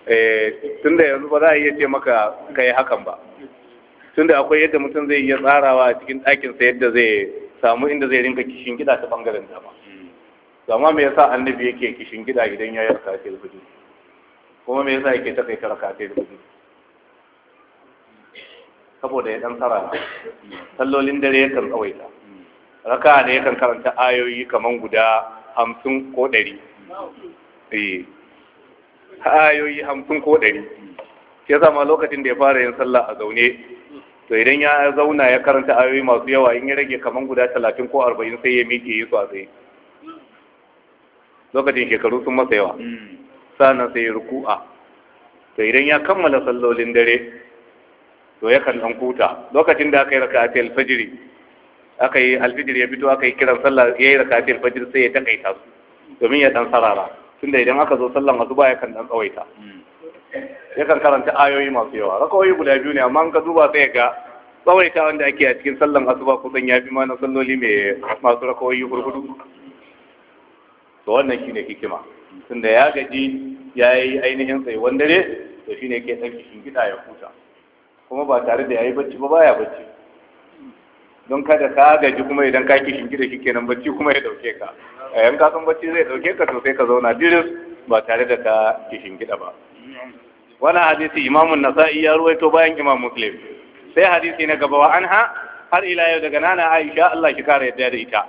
eh, tunda yanzu ba za a iya ce maka ka yi hakan ba tunda akwai yadda mutum zai iya tsarawa a cikin ɗakinsa yadda zai samu inda zai rinka kishin gida ta bangaren dama amma me yasa annabi yake kishin gida idan ya yarka ta gudu kuma me yasa yake takaita raka ta gudu saboda ya dan tsara sallolin dare yakan tsawaita raka da yakan karanta ayoyi kaman guda hamsin ko ɗari eh. ayoyi hamsin ko ɗari ya zama lokacin da ya fara yin sallah a zaune to idan ya zauna ya karanta ayoyi masu yawa in ya rage kaman guda talatin ko arba'in sai ya miƙe yi su a tsaye lokacin shekaru sun masa yawa sannan sai ya ruku'a to idan ya kammala sallolin dare to ya kan ɗan kuta lokacin da aka yi raka ta alfajiri aka yi alfajiri ya fito aka yi kiran sallah ya yi raka ta alfajiri sai ya takaita su domin ya ɗan sarara tunda idan aka zo sallan asuba ya kan ɗan tsawaita yakan karanta ayoyi masu yawa rakawoyi guda biyu ne amma ka duba sai ga ta wanda ake a cikin sallan asuba kusan ya fi mana salloli mai masu rakawoyi hurhudu to wannan shine hikima tunda ya gaji ya yi ainihin sai ne, dare to shine ke ɗan gida ya huta kuma ba tare da ya yi bacci ba baya bacci don kada ka gaji kuma idan ka kishin gida shi kenan bacci kuma ya dauke ka a eh, yan kasan bacci zai dauke ka to sai ka zauna diris ba tare da ka kishin gida ba wannan hadisi imamun nasa'i ya ruwaito bayan imam muslim sai hadisi na gaba wa anha har ila yau daga nana aisha Allah ki kara yadda da ita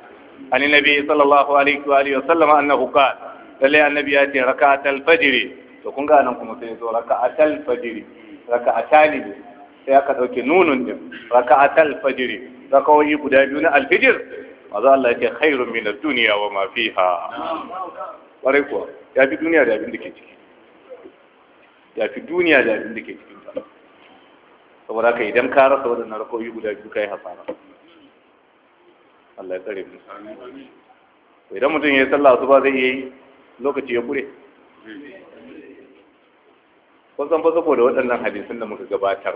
an nabi sallallahu alaihi wa alihi wa sallama annahu qala lalle annabi ya ce raka'atul fajr to kun ga nan kuma sai zo raka'atul fajr raka'atani sai aka dauke nunun din raka'atul fajr rakawoyi guda biyu na alfijir maza Allah ya ce khairun min duniya wa ma fiha ƙwarai kuwa ya fi duniya da abin da ke ciki fi duniya da abin da ke cikin ta saboda ka idan ka rasa waɗannan rakoyi guda biyu yi hasara Allah ya tsare mu idan mutum ya yi sallah su ba zai iya yi lokaci ya kure san fa saboda waɗannan hadisin da muka gabatar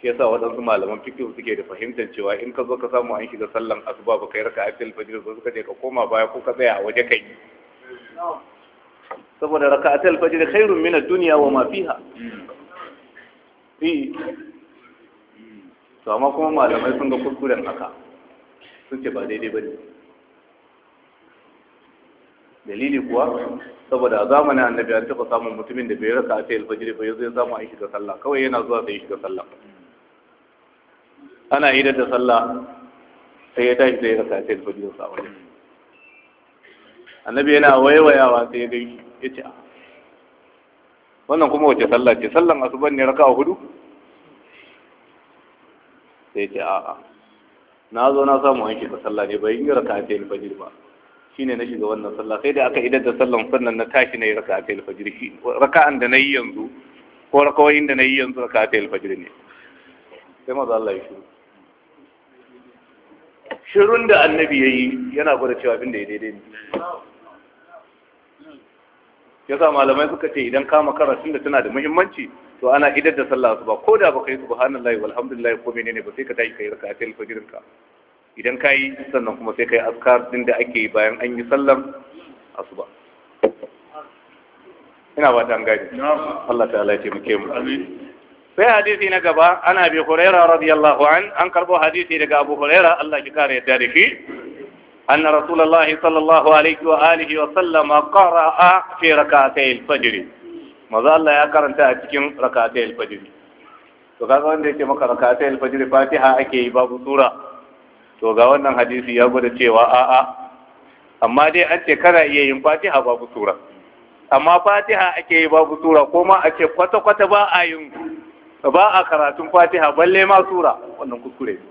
shi yasa waɗansu malaman fiqh suke da fahimtar cewa in ka zo ka samu an shiga sallan asuba ba kai raka atil fajr ba suka ce ka koma baya ko ka tsaya a waje kai saboda raka'atul fajr khairun min ad-dunya wa ma fiha eh to amma kuma malamai sun ga kuskuren haka sun ce ba daidai bane dalili kuwa saboda a zamanin annabi an taɓa samun mutumin da bai raka a fajiri, alfajiri ba zai zama a shiga sallah kawai yana zuwa sai shiga sallah ana idar da sallah sai ya tashi sai ya raka a ta alfajiri sa wajen annabi yana waiwayawa sai ya gaishe ya ce ah. wannan kuma wace sallah ce sallan asuban ne raka'a hudu sai ce a'a na zo na samu wanke ka sallah ne bai yi raka'a ta fajr ba shine na shiga wannan sallah sai da aka idar da sallan sannan na tashi na yi raka'a ta fajr shi raka'an da na yi yanzu ko rakawoyin da na yi yanzu raka'a ta fajr ne sai maza Allah ya shiru shirun da annabi ya yi yana gwada cewa abin da ya daidai ne yasa malamai suka ce idan kama karatun da tana da muhimmanci to ana idar da sallah ba ko da baka yi subhanallahi walhamdulillahi ko menene ba sai ka tashi kai rakatul fajr ka idan kai sannan kuma sai kai askar din da ake bayan an yi sallan asuba ina ba ta an gaji Allah ta'ala ya ce mu sai hadisi na gaba ana bi hurairah radiyallahu an an karbo hadisi daga abu hurairah Allah Ki kare yadda da shi أن رسول الله صلى الله عليه وآله وسلم قرأ في ركعتي الفجر maza Allah ya karanta a cikin rakatai alfajiri to kaga wanda yake maka rakatai alfajiri fatiha ake yi babu sura to ga wannan hadisi ya gwada cewa a'a amma dai an ce kana iya yin fatiha babu sura amma fatiha ake yi babu sura ko ma a ce kwata-kwata ba a yin ba a karatun fatiha balle ma sura wannan kuskure ne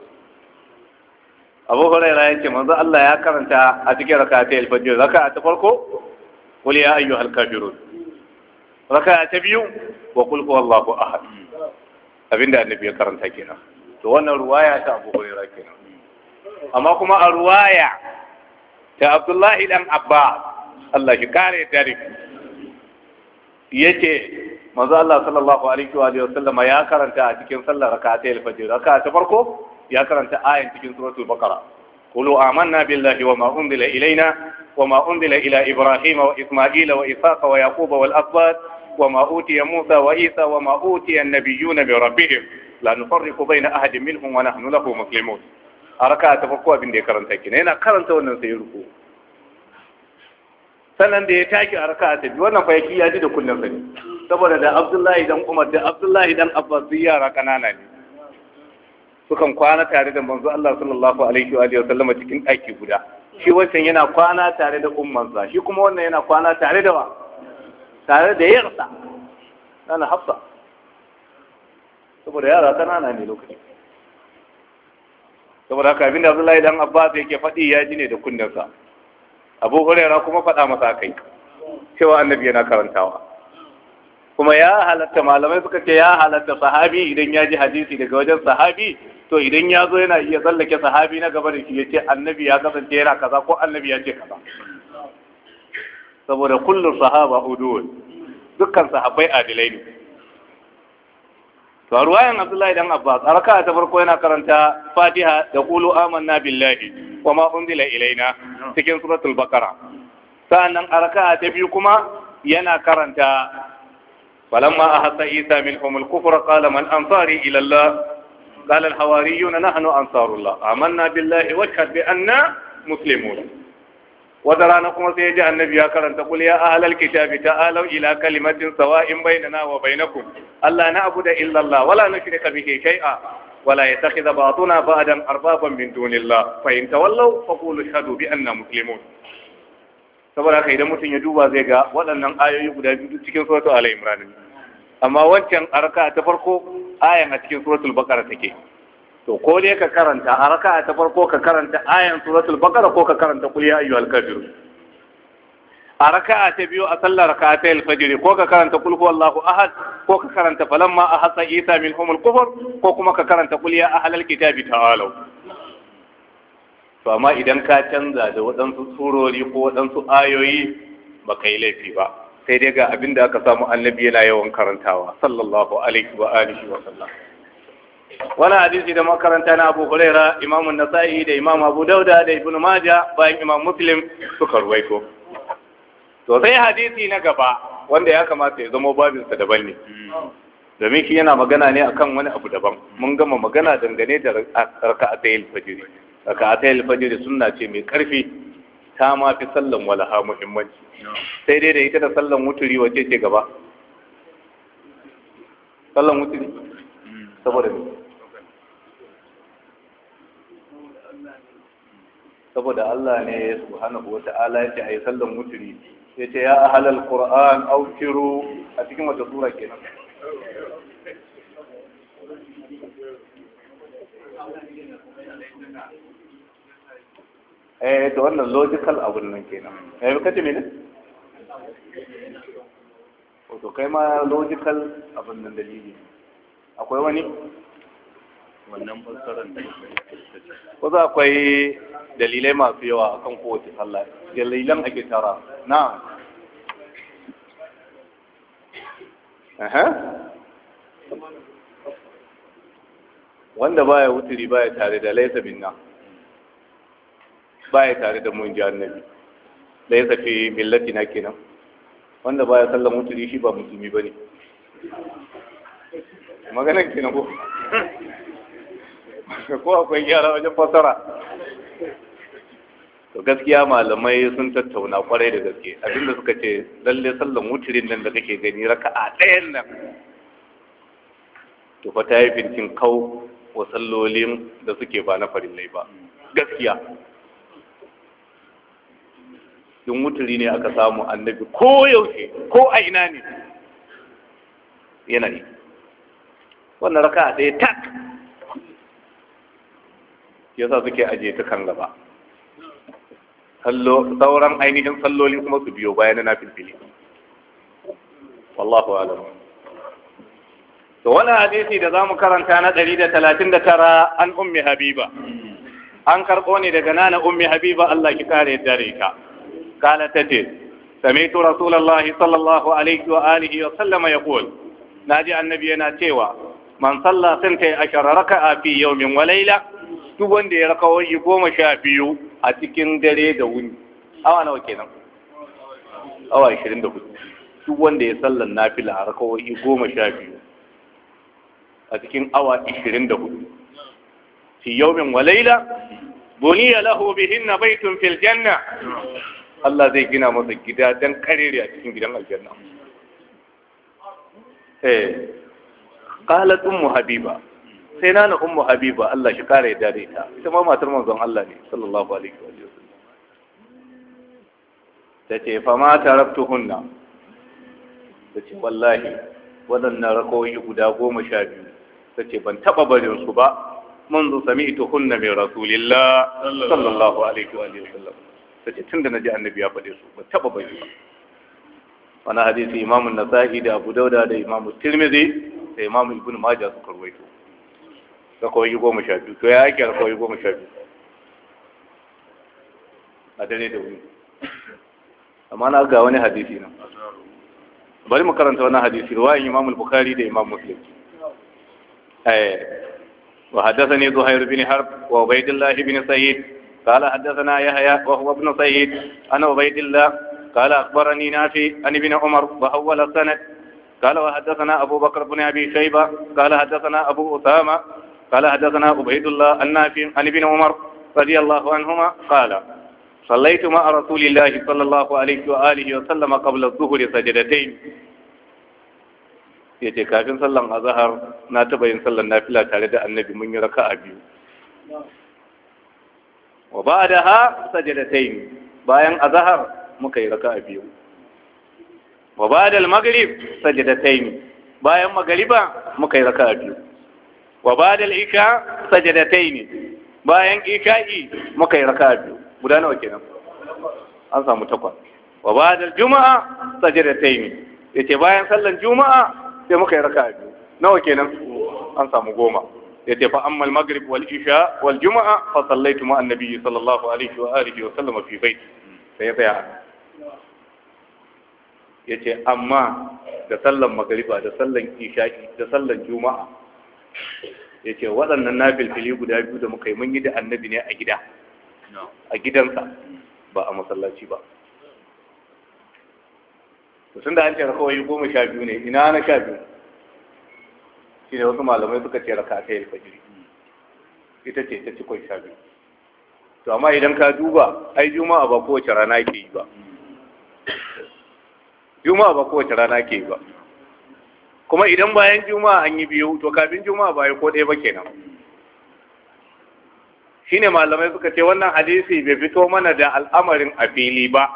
abu huraira ya ce manzo Allah ya karanta a cikin raka ta alfajir raka ta farko qul ya ayyuhal kafirun raka ta biyu wa qul huwallahu ahad abinda annabi ya karanta kenan to wannan ruwaya ta abu huraira kenan amma kuma a ruwaya ta abdullahi dan abba Allah shi kare dare yace manzo Allah sallallahu alaihi wa sallama ya karanta a cikin sallar raka ta alfajir raka ta farko ya karanta ayan cikin suratul baqara qulu amanna billahi wa ma unzila ilaina wa ma unzila ila ibrahima wa isma'ila wa ishaqa wa yaquba wal asbat wa ma utiya musa wa isa wa ma utiya an-nabiyyuna bi rabbihim la nufarriqu bayna ahadin minhum wa nahnu lahu muslimun araka ta farko abin da ya karanta kina yana karanta wannan sai ruku sannan da ya taki araka ta wannan fa ya ji da kullun sa ne saboda da Abdullahi dan Umar da Abdullahi dan Abbas yara kanana ne sukan kwana tare da manzo Allah sallallahu alaihi wa alihi wasallama cikin ɗaki guda shi wancan yana kwana tare da ummansa shi kuma wannan yana kwana tare da wa tare da yarsa nana hafsa saboda yara kanana ne lokaci saboda haka abinda Abdullahi dan Abbas yake faɗi ya ji ne da kunnensa Abu Hurairah kuma faɗa masa kai cewa annabi yana karantawa kuma ya halatta malamai suka ce ya halatta sahabi idan ya ji hadisi daga wajen sahabi to idan ya zo yana iya tsallake sahabi na gaba da shi ya ce annabi ya kasance yana kaza ko annabi ya ce kaza saboda kullum sahaba hudu dukkan sahabbai adilai ne to ruwayan abdullahi dan abbas a raka'a ta farko yana karanta fatiha da qulu amanna billahi wa ma unzila ilaina cikin suratul baqara sa'annan a raka'a ta biyu kuma yana karanta فلما أحس عيسى منهم الكفر قال من أنصاري إلى الله قال الحواريون نحن أنصار الله آمنا بالله واشهد بأننا مسلمون وترانكم سيجاء النبي أكرم تقول يا أهل الكتاب تعالوا إلى كلمة سواء بيننا وبينكم ألا نعبد إلا الله ولا نشرك به شيئا ولا يتخذ بعضنا بعضا أربابا من دون الله فإن تولوا فقولوا اشهدوا بأننا مسلمون saboda haka idan mutum ya duba zai ga waɗannan ayoyi guda biyu cikin suratul ala imran amma wancan araka ta farko ayan a cikin suratul baqara take to ko dai ka karanta araka ta farko ka karanta ayan suratul baqara ko ka karanta qul ya ayyuhal kafir a ta biyu a sallar raka'a ta alfajiri ko ka karanta kul huwallahu ahad ko ka karanta falamma ahasa isa min humul kufur ko kuma ka karanta kul ya ahlal kitabi ta'alu to amma idan ka canza da waɗansu surori ko waɗansu ayoyi ba ka yi laifi ba sai dai ga abin da aka samu annabi yana yawan karantawa sallallahu alaihi wa alihi wa sallam wani hadisi da makaranta na abu huraira imamun nasa'i da imam abu dauda da ibn Majah bayan imam muslim suka ruwaito to sai hadisi na gaba wanda ya kamata ya zama babinsa daban ne domin yana magana ne akan wani abu daban mun gama magana dangane da raka'atayil fajiri raka'atai alfajr suna ce mai karfi ta ma fi sallan walaha muhimmanci sai dai da ita da sallan wuturi wace ce gaba sallan wuturi saboda ne saboda Allah ne subhanahu ta'ala ya ce a yi sallan wuturi ya ce ya ahalal qur'an aukiru a cikin wata sura kenan Thank you. eh da wannan logical abun nan kenan eh kace mene to kai ma logical abin nan dalili akwai wani wannan fassarar da ko za akwai dalilai masu yawa akan kowace sallah dalilan ake tara na aha wanda baya wuturi baya tare da laisa binna baya tare da mun ji annabi da ya tafi millati na kenan wanda baya sallan mutuli shi ba musulmi bane magana kenan ko ko akwai gyara wajen fasara to gaskiya malamai sun tattauna kwarai da gaske abinda suka ce lalle sallan mutirin nan da kake gani raka'a ɗayan nan to fa ta yi kau wa sallolin da suke ba na farillai ba gaskiya in wuturi ne aka samu annabi ko yaushe ko a ina ne yanayi. wannan raka a ɗaya tak yasa suke ajiye ta kan gaba sauran ainihin salloli kuma su biyo bayan na filfili wallahu alam to wani hadisi da za mu karanta na ɗari da da tara an ummi habiba an karɓo ne daga nana ummi habiba Allah ki kare dare ka قالت تتي سمعت رسول الله صلى الله عليه وآله وسلم يقول ناجي النبي ناتيوا من صلى سنتي عشر ركعة في يوم وليلة duk wanda ya raka wani goma sha biyu a cikin dare da wuni awa nawa kenan awa ashirin da hudu duk wanda ya sallan nafila a raka wani goma sha biyu a cikin awa da yaumin Allah zai gina masa gida don karere a cikin gidan aljanna eh qalat ummu habiba sai nana ummu habiba Allah shi kare da ita ita ma matar manzon Allah ne sallallahu alaihi wa sallam ce fama ta rabtu ma taraktuhunna tace wallahi waɗannan rakoyi guda goma sha biyu ce ban taba barin su ba منذ سمعتهن من رسول الله rasulillah. Sallallahu alaihi wa sallam. tace tun da naji annabi ya faɗe su ba taba bari ba wani hadisi imamun nasa'i da abu dauda da imamu tirmidhi da imamu ibn majah suka rawaito da kawai goma sha biyu to ya ake a kawai goma sha biyu a dare da wuni amma na ga wani hadisi nan bari mu karanta wani hadisi ruwayin imamu bukhari da imamu muslim eh وحدثني زهير bin harb wa الله bin سعيد قال حدثنا يحيى وهو ابن سعيد عن عبيد الله قال أخبرني نافع عن ابن عمر وحول السند قال وحدثنا أبو بكر بن أبي شيبة قال حدثنا أبو أسامة قال حدثنا عبيد الله النافي عن ابن عمر رضي الله عنهما قال صليت مع رسول الله صلى الله عليه وآله وسلم قبل الظهر سجدتين ya ce kafin sallan azahar na taɓa yin sallan nafila tare da annabi mun yi raka'a biyu wa ba'daha sajdatayn bayan azhar muka yi raka'a biyu wa ba'da al-maghrib sajdatayn bayan magriba muka yi raka'a biyu wa ba'da al-isha sajdatayn bayan isha'i muka yi raka'a biyu guda nawa kenan an samu takwas wa ba'da al-juma'a sajdatayn yace bayan sallan juma'a sai muka yi raka'a biyu nawa kenan an samu goma Ya ce fa ammal maghrib wal isha wal juma'a fa sallaitu ma annabi sallallahu alaihi wa alihi wa sallama fi baiti sai ya tsaya Ya ce amma da sallan magriba da sallan isha'i da sallan juma'a Ya ce waɗannan nafilfili guda biyu da muka yi mun yi da annabi ne a gida a gidansa ba a masallaci ba to da an ce kawai goma sha biyu ne ina na sha biyu ne wasu malamai suka ce raka ta fajiri ita ce ta cikon kwai biyu to amma idan ka duba ai juma'a ba kowace rana ke yi ba juma'a ba kowace rana ke yi ba kuma idan bayan juma'a an yi biyu to kafin juma'a ba ko ɗaya ba kenan shine malamai suka ce wannan hadisi bai fito mana da al'amarin a fili ba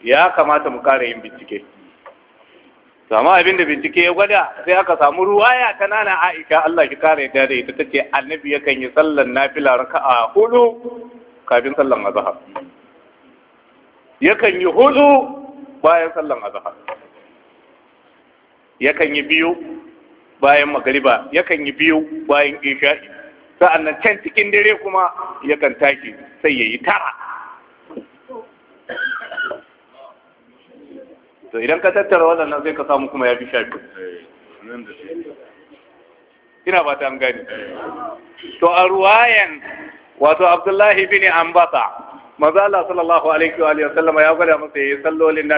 ya kamata mu kara yin bincike sama da bincike ya gwada sai aka samu ruwaya ta nana aisha Allah ki kare ta da ita tace annabi yakan yi sallan nafila raka'a hudu kafin sallan azhar yakan yi hudu bayan sallan azhar yakan yi biyu bayan magariba yakan yi biyu bayan isha'i sa'annan can cikin dare kuma yakan tashi sai yayi tara to idan ka tattara waɗannan zai ka samu kuma ya fi sha biyu ina ba ta gani to a ruwayan wato abdullahi bin ambata maza Allah sallallahu alaihi wa alihi sallama ya gwada masa yayi sallolin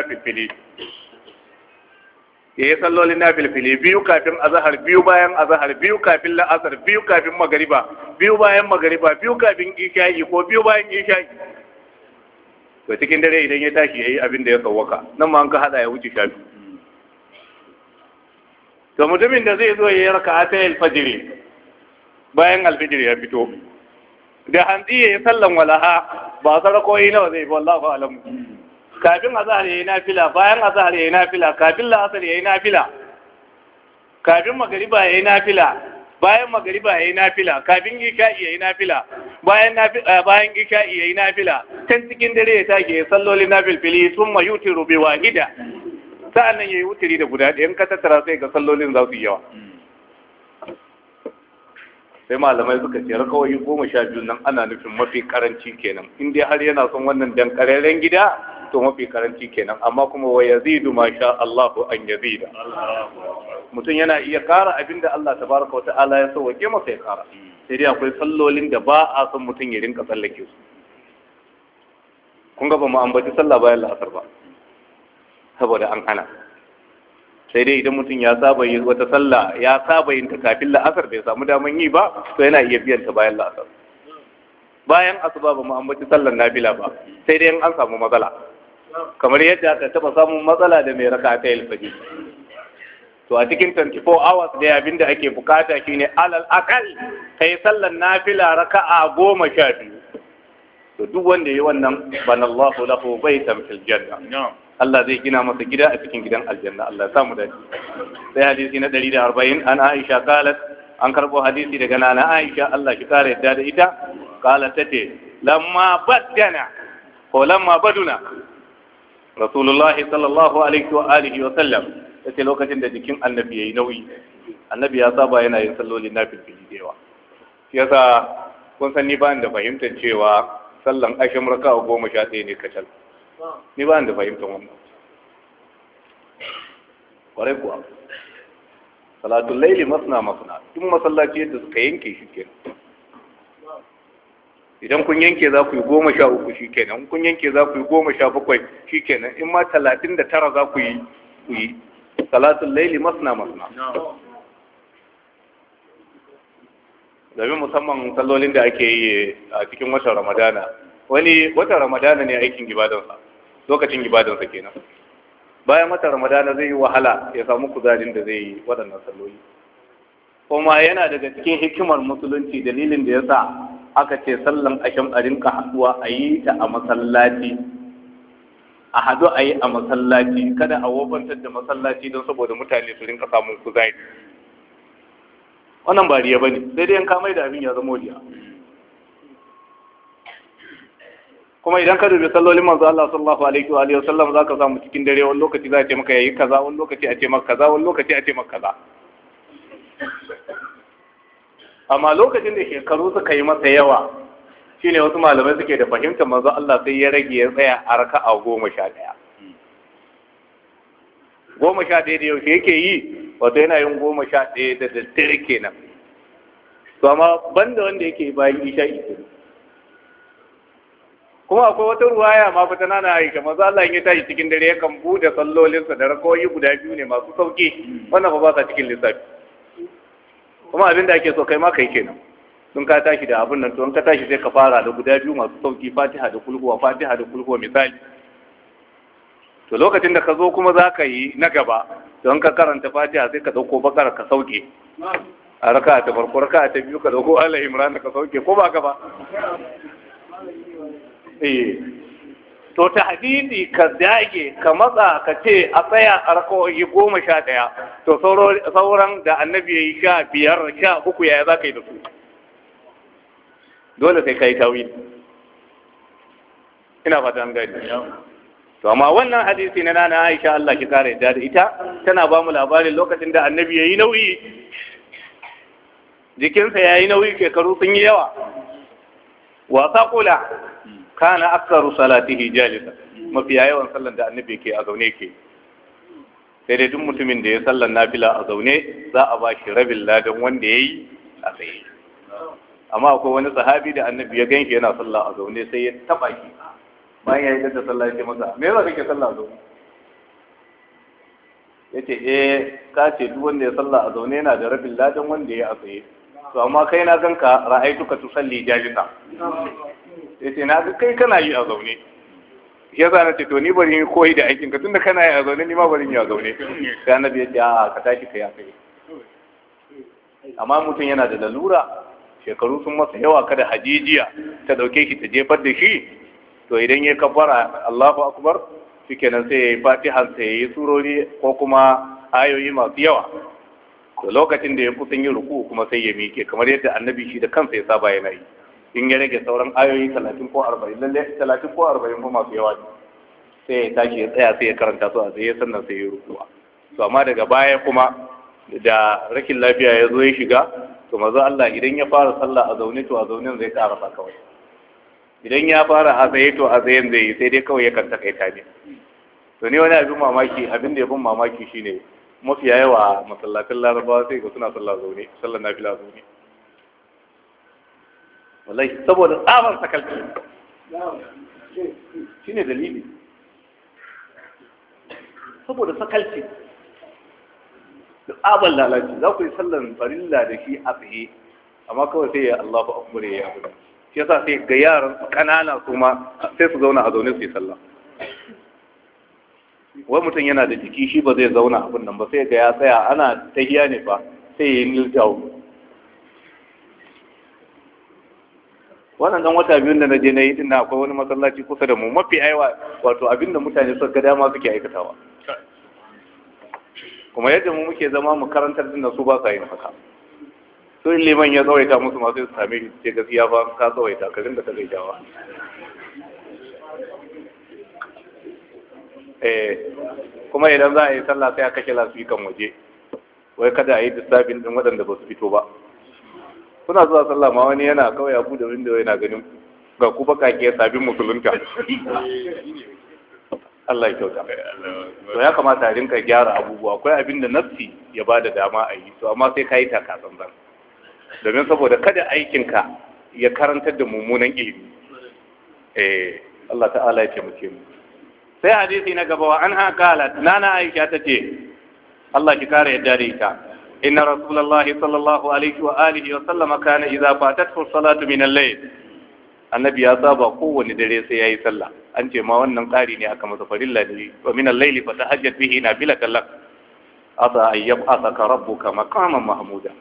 Ya yi sallolin nafilfili biyu kafin azhar biyu bayan azhar biyu kafin la'asar biyu kafin magariba biyu bayan magariba biyu kafin isha'i ko biyu bayan isha'i to cikin dare idan ya tashi yayi abin da ya sawwaka nan ma an ka hada ya wuce shafi to mutumin da zai zo ya yi raka'a ta alfajiri bayan alfajiri ya fito da hantsi ya yi sallan walaha ba sarakoyi nawa zai wallahu alam kafin azhar yayi nafila bayan azhar yayi nafila kafin la'asar yayi nafila kafin magariba yayi nafila bayan magariba yayi nafila kafin isha yayi nafila bayan eh, bayan isha yayi nafila can cikin dare ya tage ya salloli nafil fili sun yutiru bi wahida sa'annan yayi wutiri da guda ɗaya in ka tattara sai ga sallolin za su yi yawa sai malamai suka ce rakawai goma sha biyu nan ana nufin mafi karanci kenan in dai har yana son wannan dan kararren gida to mafi karanci kenan amma kuma wa yazidu ma sha Allah an yazida mutum yana iya kara abin da Allah tabaraka wa ta'ala ya so sauke masa ya kara sai dai akwai sallolin da ba a son mutum ya rinka tsallake su kun ga ba mu ambaci sallah bayan la'asar ba saboda an hana sai dai idan mutum ya saba yin wata sallah ya saba yin ta kafin la'asar bai samu daman yi ba to yana iya biyan ta bayan la'asar bayan asuba ba mu ambaci sallar nafila ba sai dai an samu matsala kamar yadda aka taba samun matsala da mai raka ta yi to a cikin 24 hours da abin da ake bukata shine alal akal kai sallar nafila a goma sha biyu to duk wanda yi wannan banallahu lahu bai fil janna Allah zai gina masa gida a cikin gidan aljanna Allah ya samu dace sai hadisi na 140 an Aisha qalat an karbo hadisi daga nana Aisha Allah shi kare yadda da ita qalat tace lamma badana ko lamma baduna Rasulullah sallallahu alaihi wa alihi wa sallam tace lokacin da jikin annabi yayi nauyi annabi ya saba yana yin na nafil da yawa shi yasa kun san ni ba da fahimtar cewa sallan ashin raka'a goma sha ɗaya ne kacal ni ba da fahimtar wannan kwarai kuwa salatun laili masna masna duk masallaci yadda suka yanke shi ke idan kun yanke za ku yi goma sha uku shi kenan kun yanke za ku yi goma sha bakwai shi kenan in ma talatin da tara za ku yi ku yi salatun laili masna masna domin musamman sallolin da ake yi a cikin watan ramadana wani watan ramadana ne aikin gibadansa lokacin ibadansa kenan bayan watan ramadana zai yi wahala ya samu kuzarin da zai yi waɗannan salloli kuma yana daga cikin hikimar musulunci dalilin da ya sa aka ce sallan ashen a rinka haɗuwa a yi ta a masallaci a haɗu a yi a masallaci kada a wabantar da masallaci don saboda mutane su rinka samun kuzari wannan ba riya ba ne sai dai yanka mai da abin ya zama wajiya kuma idan ka dubi sallolin manzo Allah sallallahu alaihi wa alihi wasallam zaka samu cikin dare wani lokaci za a ce maka yayi kaza wani lokaci a ce maka kaza wani lokaci a ce maka kaza amma lokacin da shekaru suka yi masa yawa shine wasu malamai suke da fahimtar manzo Allah sai ya rage ya tsaya a raka'a goma sha ɗaya goma sha ɗaya da yaushe yake yi wato yana yin goma sha ɗaya da daddare kenan to amma banda wanda yake bayan isha'i kenan kuma akwai wata ruwaya ma fita nana aisha maza Allah ya tashi cikin dare ya kan bude sallolinsa da rakoyi guda biyu ne masu sauki wannan ba sa cikin lissafi kuma abin da ake so kai ma kai kenan sun ka tashi da abin nan to in ka tashi sai ka fara da guda biyu masu sauki fatiha da kulhuwa fatiha da kulhuwa misali to lokacin da ka zo kuma za ka yi na gaba to in ka karanta fatiha sai ka dauko bakar ka sauke a raka ta farko raka ta biyu ka dauko Allah imran ka sauke ko ba ka ba to ta hadidi ka dage ka matsa ka ce a tsaya a rakawai goma sha ɗaya to sauran da annabi ya yi sha biyar sha uku yaya za ka yi da su dole sai ka yi tawi ina fata an gani to amma wannan hadisi na nana Aisha Allah ki kare da ita tana ba mu labarin lokacin da annabi ya yi nauyi jikinsa ya yi nauyi shekaru sun yi yawa wasa kula. kana aksaru salatihi jalisa mafiya yawan sallan da annabi ke a zaune ke sai dai duk mutumin da ya sallan nafila a zaune za a ba shi rabin ladan wanda ya yi a tsaye amma akwai wani sahabi da annabi ya ganshi yana sallah a zaune sai ya taba shi bayan ya yi da sallah ya masa me yasa kake sallah a zaune ya ce eh ka ce duk wanda ya sallah a zaune yana da rabin ladan wanda ya yi a tsaye to amma kai na ganka ra'aytuka tusalli jalisa ya ce na ga kai kana yi a zaune ya zana ce to ni bari ni koyi da aikin ka tunda kana yi a zaune ni ma bari ni a zaune sai annabi ya ce a ka tashi kai a kai amma mutum yana da lalura shekaru sun masa yawa kada hajijiya ta dauke shi ta jefar da shi to idan ya kafara Allahu akbar shikenan sai ya yi fatiha sai ya yi surori ko kuma ayoyi masu yawa to lokacin da ya kusan yin ruku kuma sai ya mike kamar yadda annabi shi da kansa ya saba yana yi in ya rage sauran ayoyi talatin ko arba'in lalle talatin ko arba'in ko masu yawa sai ya tashi ya tsaya sai ya karanta su a tsaye sannan sai ya rukuwa to amma daga baya kuma da rakin lafiya ya zo ya shiga to maza Allah idan ya fara sallah a zaune to a zaunin zai karasa kawai idan ya fara a tsaye to a tsayen zai yi sai dai kawai ya kanta kai ne to ni wani abin mamaki abin da ya bin mamaki shine mafiya yawa masallacin larabawa sai ga suna sallah zaune sallar nafila zaune wallahi saboda tsabar sakalci shi ne dalili saboda sakalci da tsabar lalaci za ku yi sallan farilla da shi a fiye amma kawai sai ya Allahu akbar ya yi shi yasa sai ga yaran kanana su ma sai su zauna a zaune su yi sallah wai mutum yana da jiki shi ba zai zauna abin nan ba sai ga ya tsaya ana tahiya ne fa sai ya yi niljau wannan dan wata biyun da na je na yi dinna akwai wani masallaci kusa da mu mafi aiwa wato abinda mutane suka ga dama suke aikatawa kuma yadda mu muke zama mu karantar din da su ba sa yin haka so in liman ya tsawaita musu masu su same shi ce gaskiya ba ka tsawaita ka dinga ta gaidawa eh kuma idan za a yi sallah sai a kashe kan waje wai kada a yi disturbing din waɗanda ba su fito ba kuna zuwa sallah ma wani yana kawai abu da wanda yana ganin ga ku ke sabin musulunta Allah ya kyauta to ya kamata a rinka gyara abubuwa akwai abin da nafsi ya ba da dama a yi to amma sai ka yi taka tsantsan domin saboda kada aikinka ya karantar da mummunan ilimi eh Allah ta'ala ya taimake mu sai hadisi na gaba wa an ha qalat nana aisha tace Allah ki kare yadda da ita إن رسول الله صلى الله عليه وآله وسلم كان إذا فاتته الصلاة annabi ya saba kowane dare sai yayi sallah an ce ma wannan ƙari ne aka masa farilla ne wa min al-layli fa tahajjat bihi nabilatan lak asa ayyab asaka rabbuka maqaman mahmuda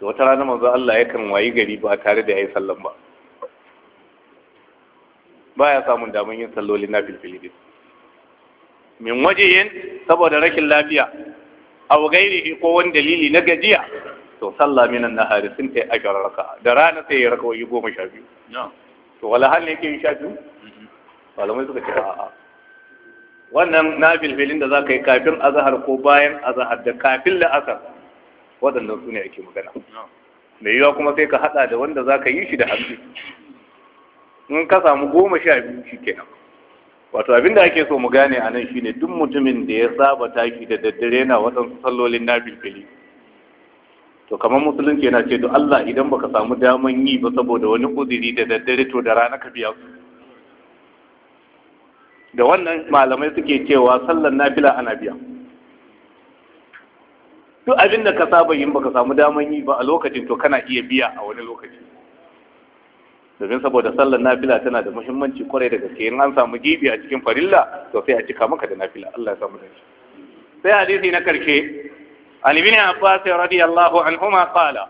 to wata rana manzo Allah yakan wayi gari ba tare da yayi sallan ba baya samun damun yin sallolin nafilfili min wajihin saboda rashin lafiya aw gairi ko wani dalili na gajiya to sallah minan nahari sun ta ashar raka da rana sai ya wani goma sha biyu to wala hal ne ke yin sha biyu mm-hmm. malamai suka ce a'a wannan na filfilin da za ka yi kafin azahar ko bayan azahar da kafin asar, waɗannan su ne ake magana mai yiwa kuma sai ka haɗa da wanda za ka yi shi da hannu in ka samu goma sha biyu shi kenan wato abin da ake so mu gane a nan shine duk mutumin da ya saba tashi da daddare na waɗansu sallolin na filfili to kamar musulunci yana ce to Allah idan baka samu daman yi ba saboda wani uzuri da daddare to da rana ka biya su da wannan malamai suke cewa sallar nafila ana biya duk abin da ka saba yin baka samu daman yi ba a lokacin to kana iya biya a wani lokaci domin saboda sallar nafila tana da muhimmanci kwarai da gaske in an samu gibi a cikin farilla to sai a cika maka da nafila Allah ya samu da shi. sai hadisi na karshe an ibn abbas radiyallahu anhuma qala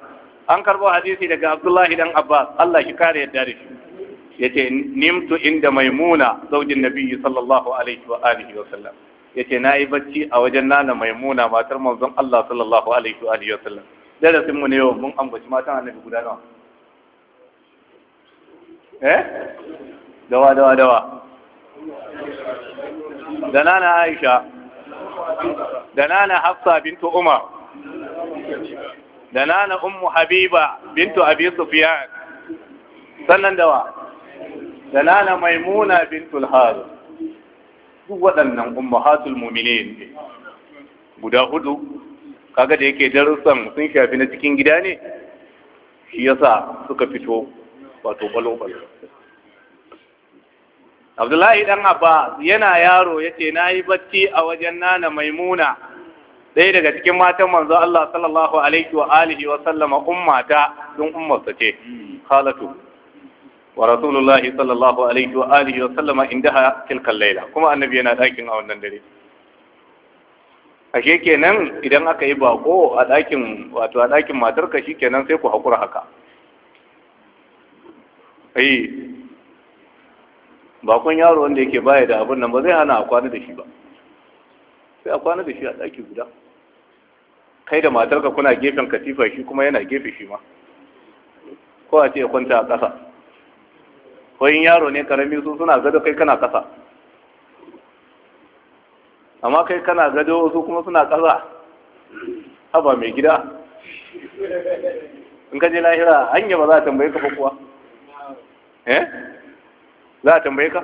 an karbo hadisi daga abdullahi dan abbas Allah shi kare yadda da shi yace nimtu inda maimuna zaujin nabiyyi sallallahu alaihi wa alihi wa sallam yace nayi bacci a wajen nana maimuna matar manzon Allah sallallahu alaihi wa alihi wa sallam darasin mu ne yau mun ambaci matan annabi guda nawa eh dawa dawa dawa da na aisha da na hafsa bintu umar da na ummu habiba bintu abi sufyan sannan dawa da na maimuna bintu al-harith duk waɗannan ummahatul mu'minin ne guda hudu kaga da yake darussan sun shafi na cikin gida ne shi yasa suka fito wato balo-balo abdullahi dan abba yana yaro ya ce na yi bacci a wajen nana maimuna ɗaya daga cikin matan manzo Allah sallallahu alaihi wa alihi wa sallama ummata don ummarsa ce halatu. wa rasulullahi sallallahu alaihi wa alihi wa sallama indaha tilkal laila kuma annabi yana dakin a wannan dare ashe kenan idan aka yi bako a dakin wato a dakin matarka shikenan sai ku hakura haka Ai, eh, bakon yaro wanda yake baya da abin nan ba zai hana a kwana da shi ba sai a kwana da shi a ɗaki guda kai da matarka kuna gefen katifa shi kuma yana gefe shi ma ko a ce kwanta a ƙasa ko in yaro ne karami su suna gado kai kana ƙasa amma kai kana gado su kuma suna ƙasa haba mai gida in ka je lahira hanya ba za a tambaye ka fa kuwa eh za a tambaye ka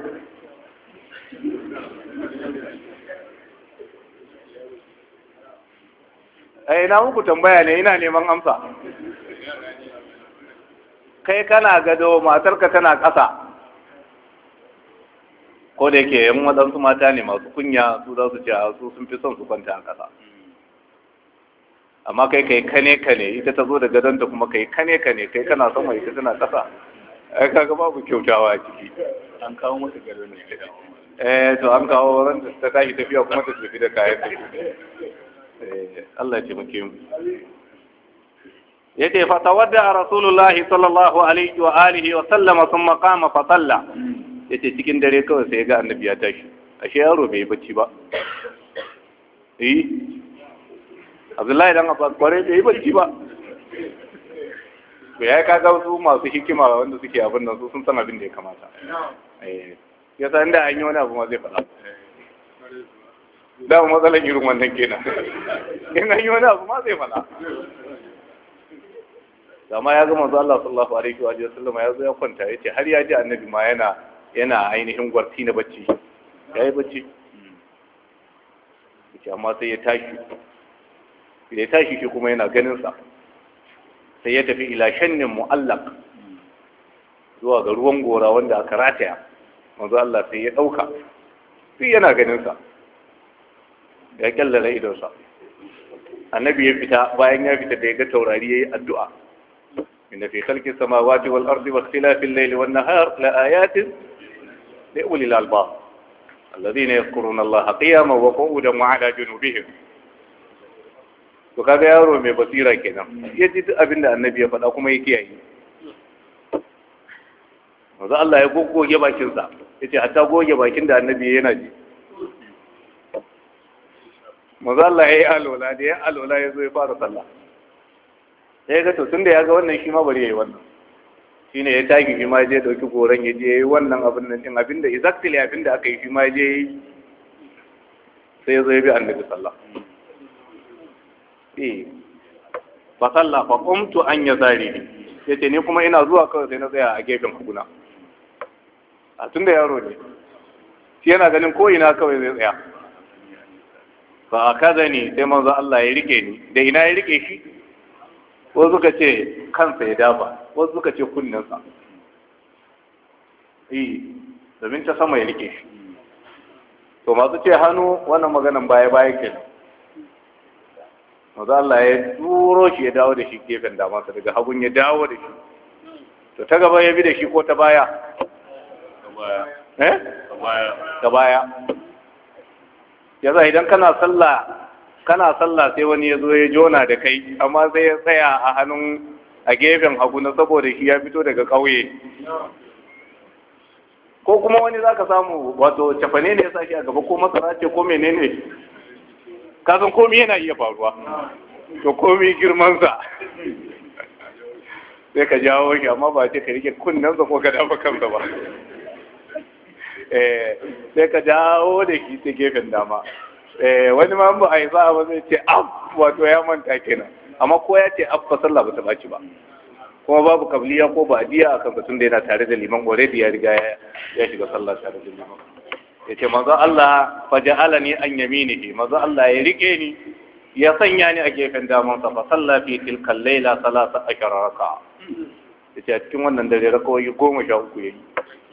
eh na muku tambaya ne ina neman amsa kai kana gado matarka tana ƙasa ko da yake yan waɗansu mata ne masu kunya su za su ce a ah, su sun fi son su kwanta a ƙasa amma kai kai kane kane ita ta zo da gadon ta kuma kai kane kane kai kana sama ita tana ƙasa ai kaga babu kyautawa a ciki an kawo mata gari ne gida eh to an kawo ran da ta tashi tafiya kuma ta tafi da kayan ta eh Allah ya taimake mu yace fa tawadda rasulullahi sallallahu alaihi wa alihi wa sallama thumma qama fa salla yace cikin dare kawai sai ga annabi ya tashi ashe yaro bai bacci ba eh Abdullahi dan Abbas kware bai bacci ba to ya kaga su masu hikima wanda suke abin nan su sun san abin da ya kamata eh, ya san da an yi wani abu ma zai faɗa da matsalar irin wannan kenan in an yi wani abu ma zai faɗa Zama ya gama zuwa Allah sallallahu alaihi wa sallam ya zo ya kwanta ya ce har ya ji annabi ma yana yana ainihin gwarti na bacci ya yi bacci amma sai ya tashi ya tashi shi kuma yana ganin sa sai ya tafi ila shannin mu'allaq zuwa ga ruwan gora wanda aka rataya manzo Allah sai ya ɗauka. sai yana ganin sa ya kyallala idonsa annabi ya fita bayan ya fita da ya ga taurari ya yi addu'a inna fi khalqi samawati wal ardi wa ikhtilafi al-layli wan la ayatin li ne ya alladhina yadhkuruna Allah qiyaman wa qu'udan wa junubihim to kaga yaro mai basira kenan ya ji duk abin da annabi ya faɗa kuma ya kiyaye manzo Allah ya goge bakin sa ce hatta goge bakin da annabi yana ji manzo Allah ya yi alola da ya alola ya zo ya fara sallah sai ga to tunda ya ga wannan shi ma bari ya yi wannan Shi ne ya tagi shi ma je dauki goron ya je wannan abin nan din abin da exactly abin da aka yi shi ma je sai ya zo ya bi annabi sallah eh fa salla fa qumtu an yazari yace ni kuma ina zuwa kawai sai na tsaya a gefen hukuna. a tunda yaro ne shi yana ganin ko ina kawai zai tsaya fa ne sai manzo Allah ya rike ni da ina ya rike shi wasu suka ce kansa ya dafa wasu suka ce kunnensa eh domin ta sama ya rike shi to masu ce hannu wannan maganan baya baya kenan maza Allah ya turo shi ya dawo da shi gefen damansa daga hagun ya dawo da shi to ta gaba ya bi da shi ko eh? ta baya ta baya ya za idan kana sallah kana sallah sai wani ya zo ya jona da kai amma sai ya tsaya a hannun a gefen hagu na saboda shi ya fito daga ƙauye ko kuma wani za ka samu wato cafane ne ya sa shi a gaba ko masara ce ko menene kasan komi yana iya faruwa to komi girmansa sai ka jawo shi amma ba ce ka rike kunnensa ko ka dafa kansa ba eh, sai ka jawo da shi ta gefen dama eh, wani ma ba a yi ba zai ce Af, wato ya manta kenan amma ko ya ce Af ba sallah ba ta baci ba kuma babu kabliya ko ba'diya akan batun da yana tare da liman already ya riga ya shiga sallah tare da liman ya ce maza Allah faja'ala ni an ke Mazu Allah ya rike ni ya sanya ni a gefen damar fa sallafi fi tilkal laila salasa a raka ya ce a cikin wannan dare rakawoyi goma sha uku ya yi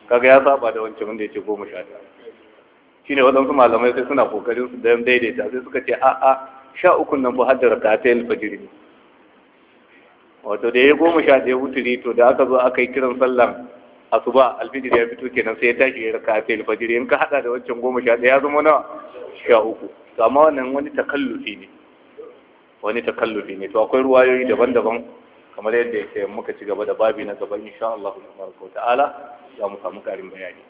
kaga ya saba da wancan wanda ya ce goma sha ɗaya ne waɗansu malamai sai suna kokarin su dan daidaita sai suka ce a'a sha ukun nan bu haddara ka ta yin fajiri wato da ya goma sha ɗaya wuturi to da aka zo aka yi kiran sallan asuba alfijir ya fito kenan sai ya tashi ya raka afil fajir in ka hada da wancan goma sha ɗaya ya zama nawa sha uku to amma wannan wani takallufi ne wani takallufi ne to akwai ruwayoyi daban-daban kamar yadda ya ce muka ci gaba da babi na gaba insha Allah subhanahu ta'ala za mu samu karin bayani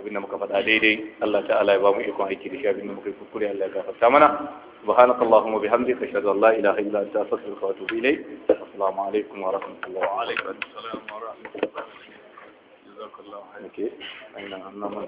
abinda muka faɗa daidai Allah ta'ala ya ba mu ikon aiki da shi abinda muka yi kuskure Allah ya gafarta mana subhanakallahumma bihamdika ashhadu an la ilaha illa anta astaghfiruka wa atubu ilayk assalamu alaikum wa rahmatullahi wa alaikum assalam wa rahmatullahi جزاك الله خير. أين أنما